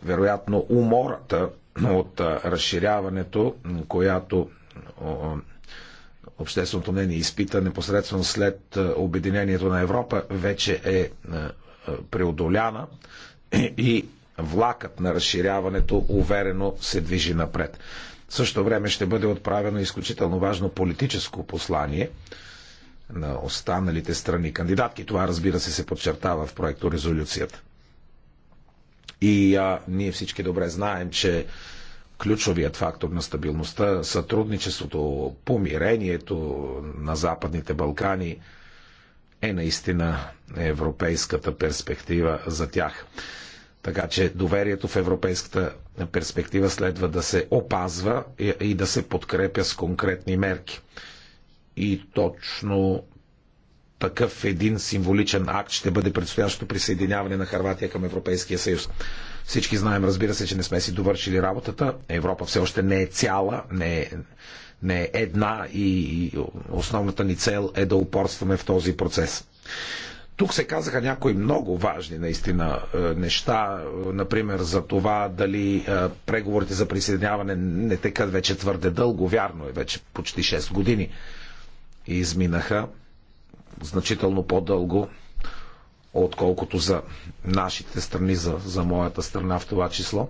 вероятно умората от разширяването, която общественото мнение изпита непосредствено след е, обединението на Европа, вече е, е преодоляна и влакът на разширяването уверено се движи напред. В същото време ще бъде отправено изключително важно политическо послание на останалите страни кандидатки. Това, разбира се, се подчертава в проекто резолюцията. И а, ние всички добре знаем, че ключовият фактор на стабилността, сътрудничеството, помирението на Западните Балкани е наистина европейската перспектива за тях. Така че доверието в европейската перспектива следва да се опазва и да се подкрепя с конкретни мерки. И точно такъв един символичен акт ще бъде предстоящото присъединяване на Харватия към Европейския съюз. Всички знаем, разбира се, че не сме си довършили работата. Европа все още не е цяла, не е, не е една и основната ни цел е да упорстваме в този процес. Тук се казаха някои много важни наистина е, неща, е, например за това дали е, преговорите за присъединяване не текат вече твърде дълго, вярно е, вече почти 6 години изминаха значително по-дълго, отколкото за нашите страни, за, за моята страна в това число.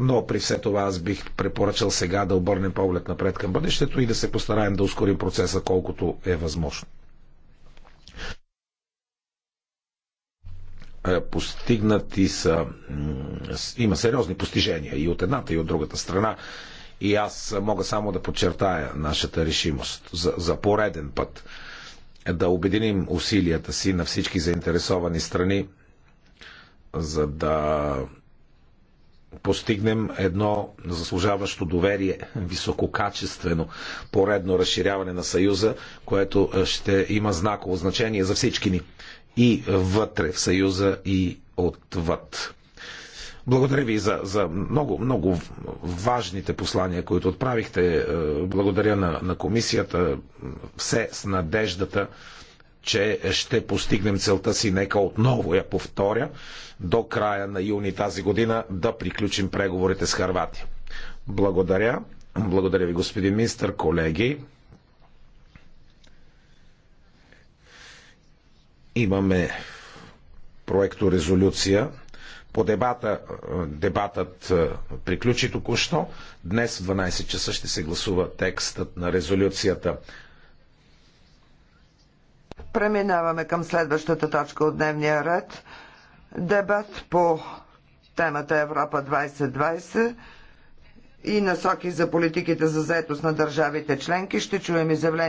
Но при все това аз бих препоръчал сега да обърнем поглед напред към бъдещето и да се постараем да ускорим процеса колкото е възможно. Е, постигнати са. Има сериозни постижения и от едната, и от другата страна. И аз мога само да подчертая нашата решимост за, за пореден път да обединим усилията си на всички заинтересовани страни, за да постигнем едно заслужаващо доверие, висококачествено, поредно разширяване на Съюза, което е, ще има знаково значение за всички ни и вътре в Съюза и отвъд. Благодаря ви за, за много, много важните послания, които отправихте. Е, благодаря на, на комисията. Все с надеждата, че ще постигнем целта си. Нека отново я повторя. До края на юни тази година да приключим преговорите с Харватия. Благодаря. Благодаря ви, господин министър, колеги. Имаме проекто резолюция. По дебата, е, дебатът е, приключи току-що. Днес в 12 часа ще се гласува текстът на резолюцията. Преминаваме към следващата точка от дневния ред. Дебат по темата Европа 2020 и насоки за политиките за заетост на държавите членки. Ще чуем изявление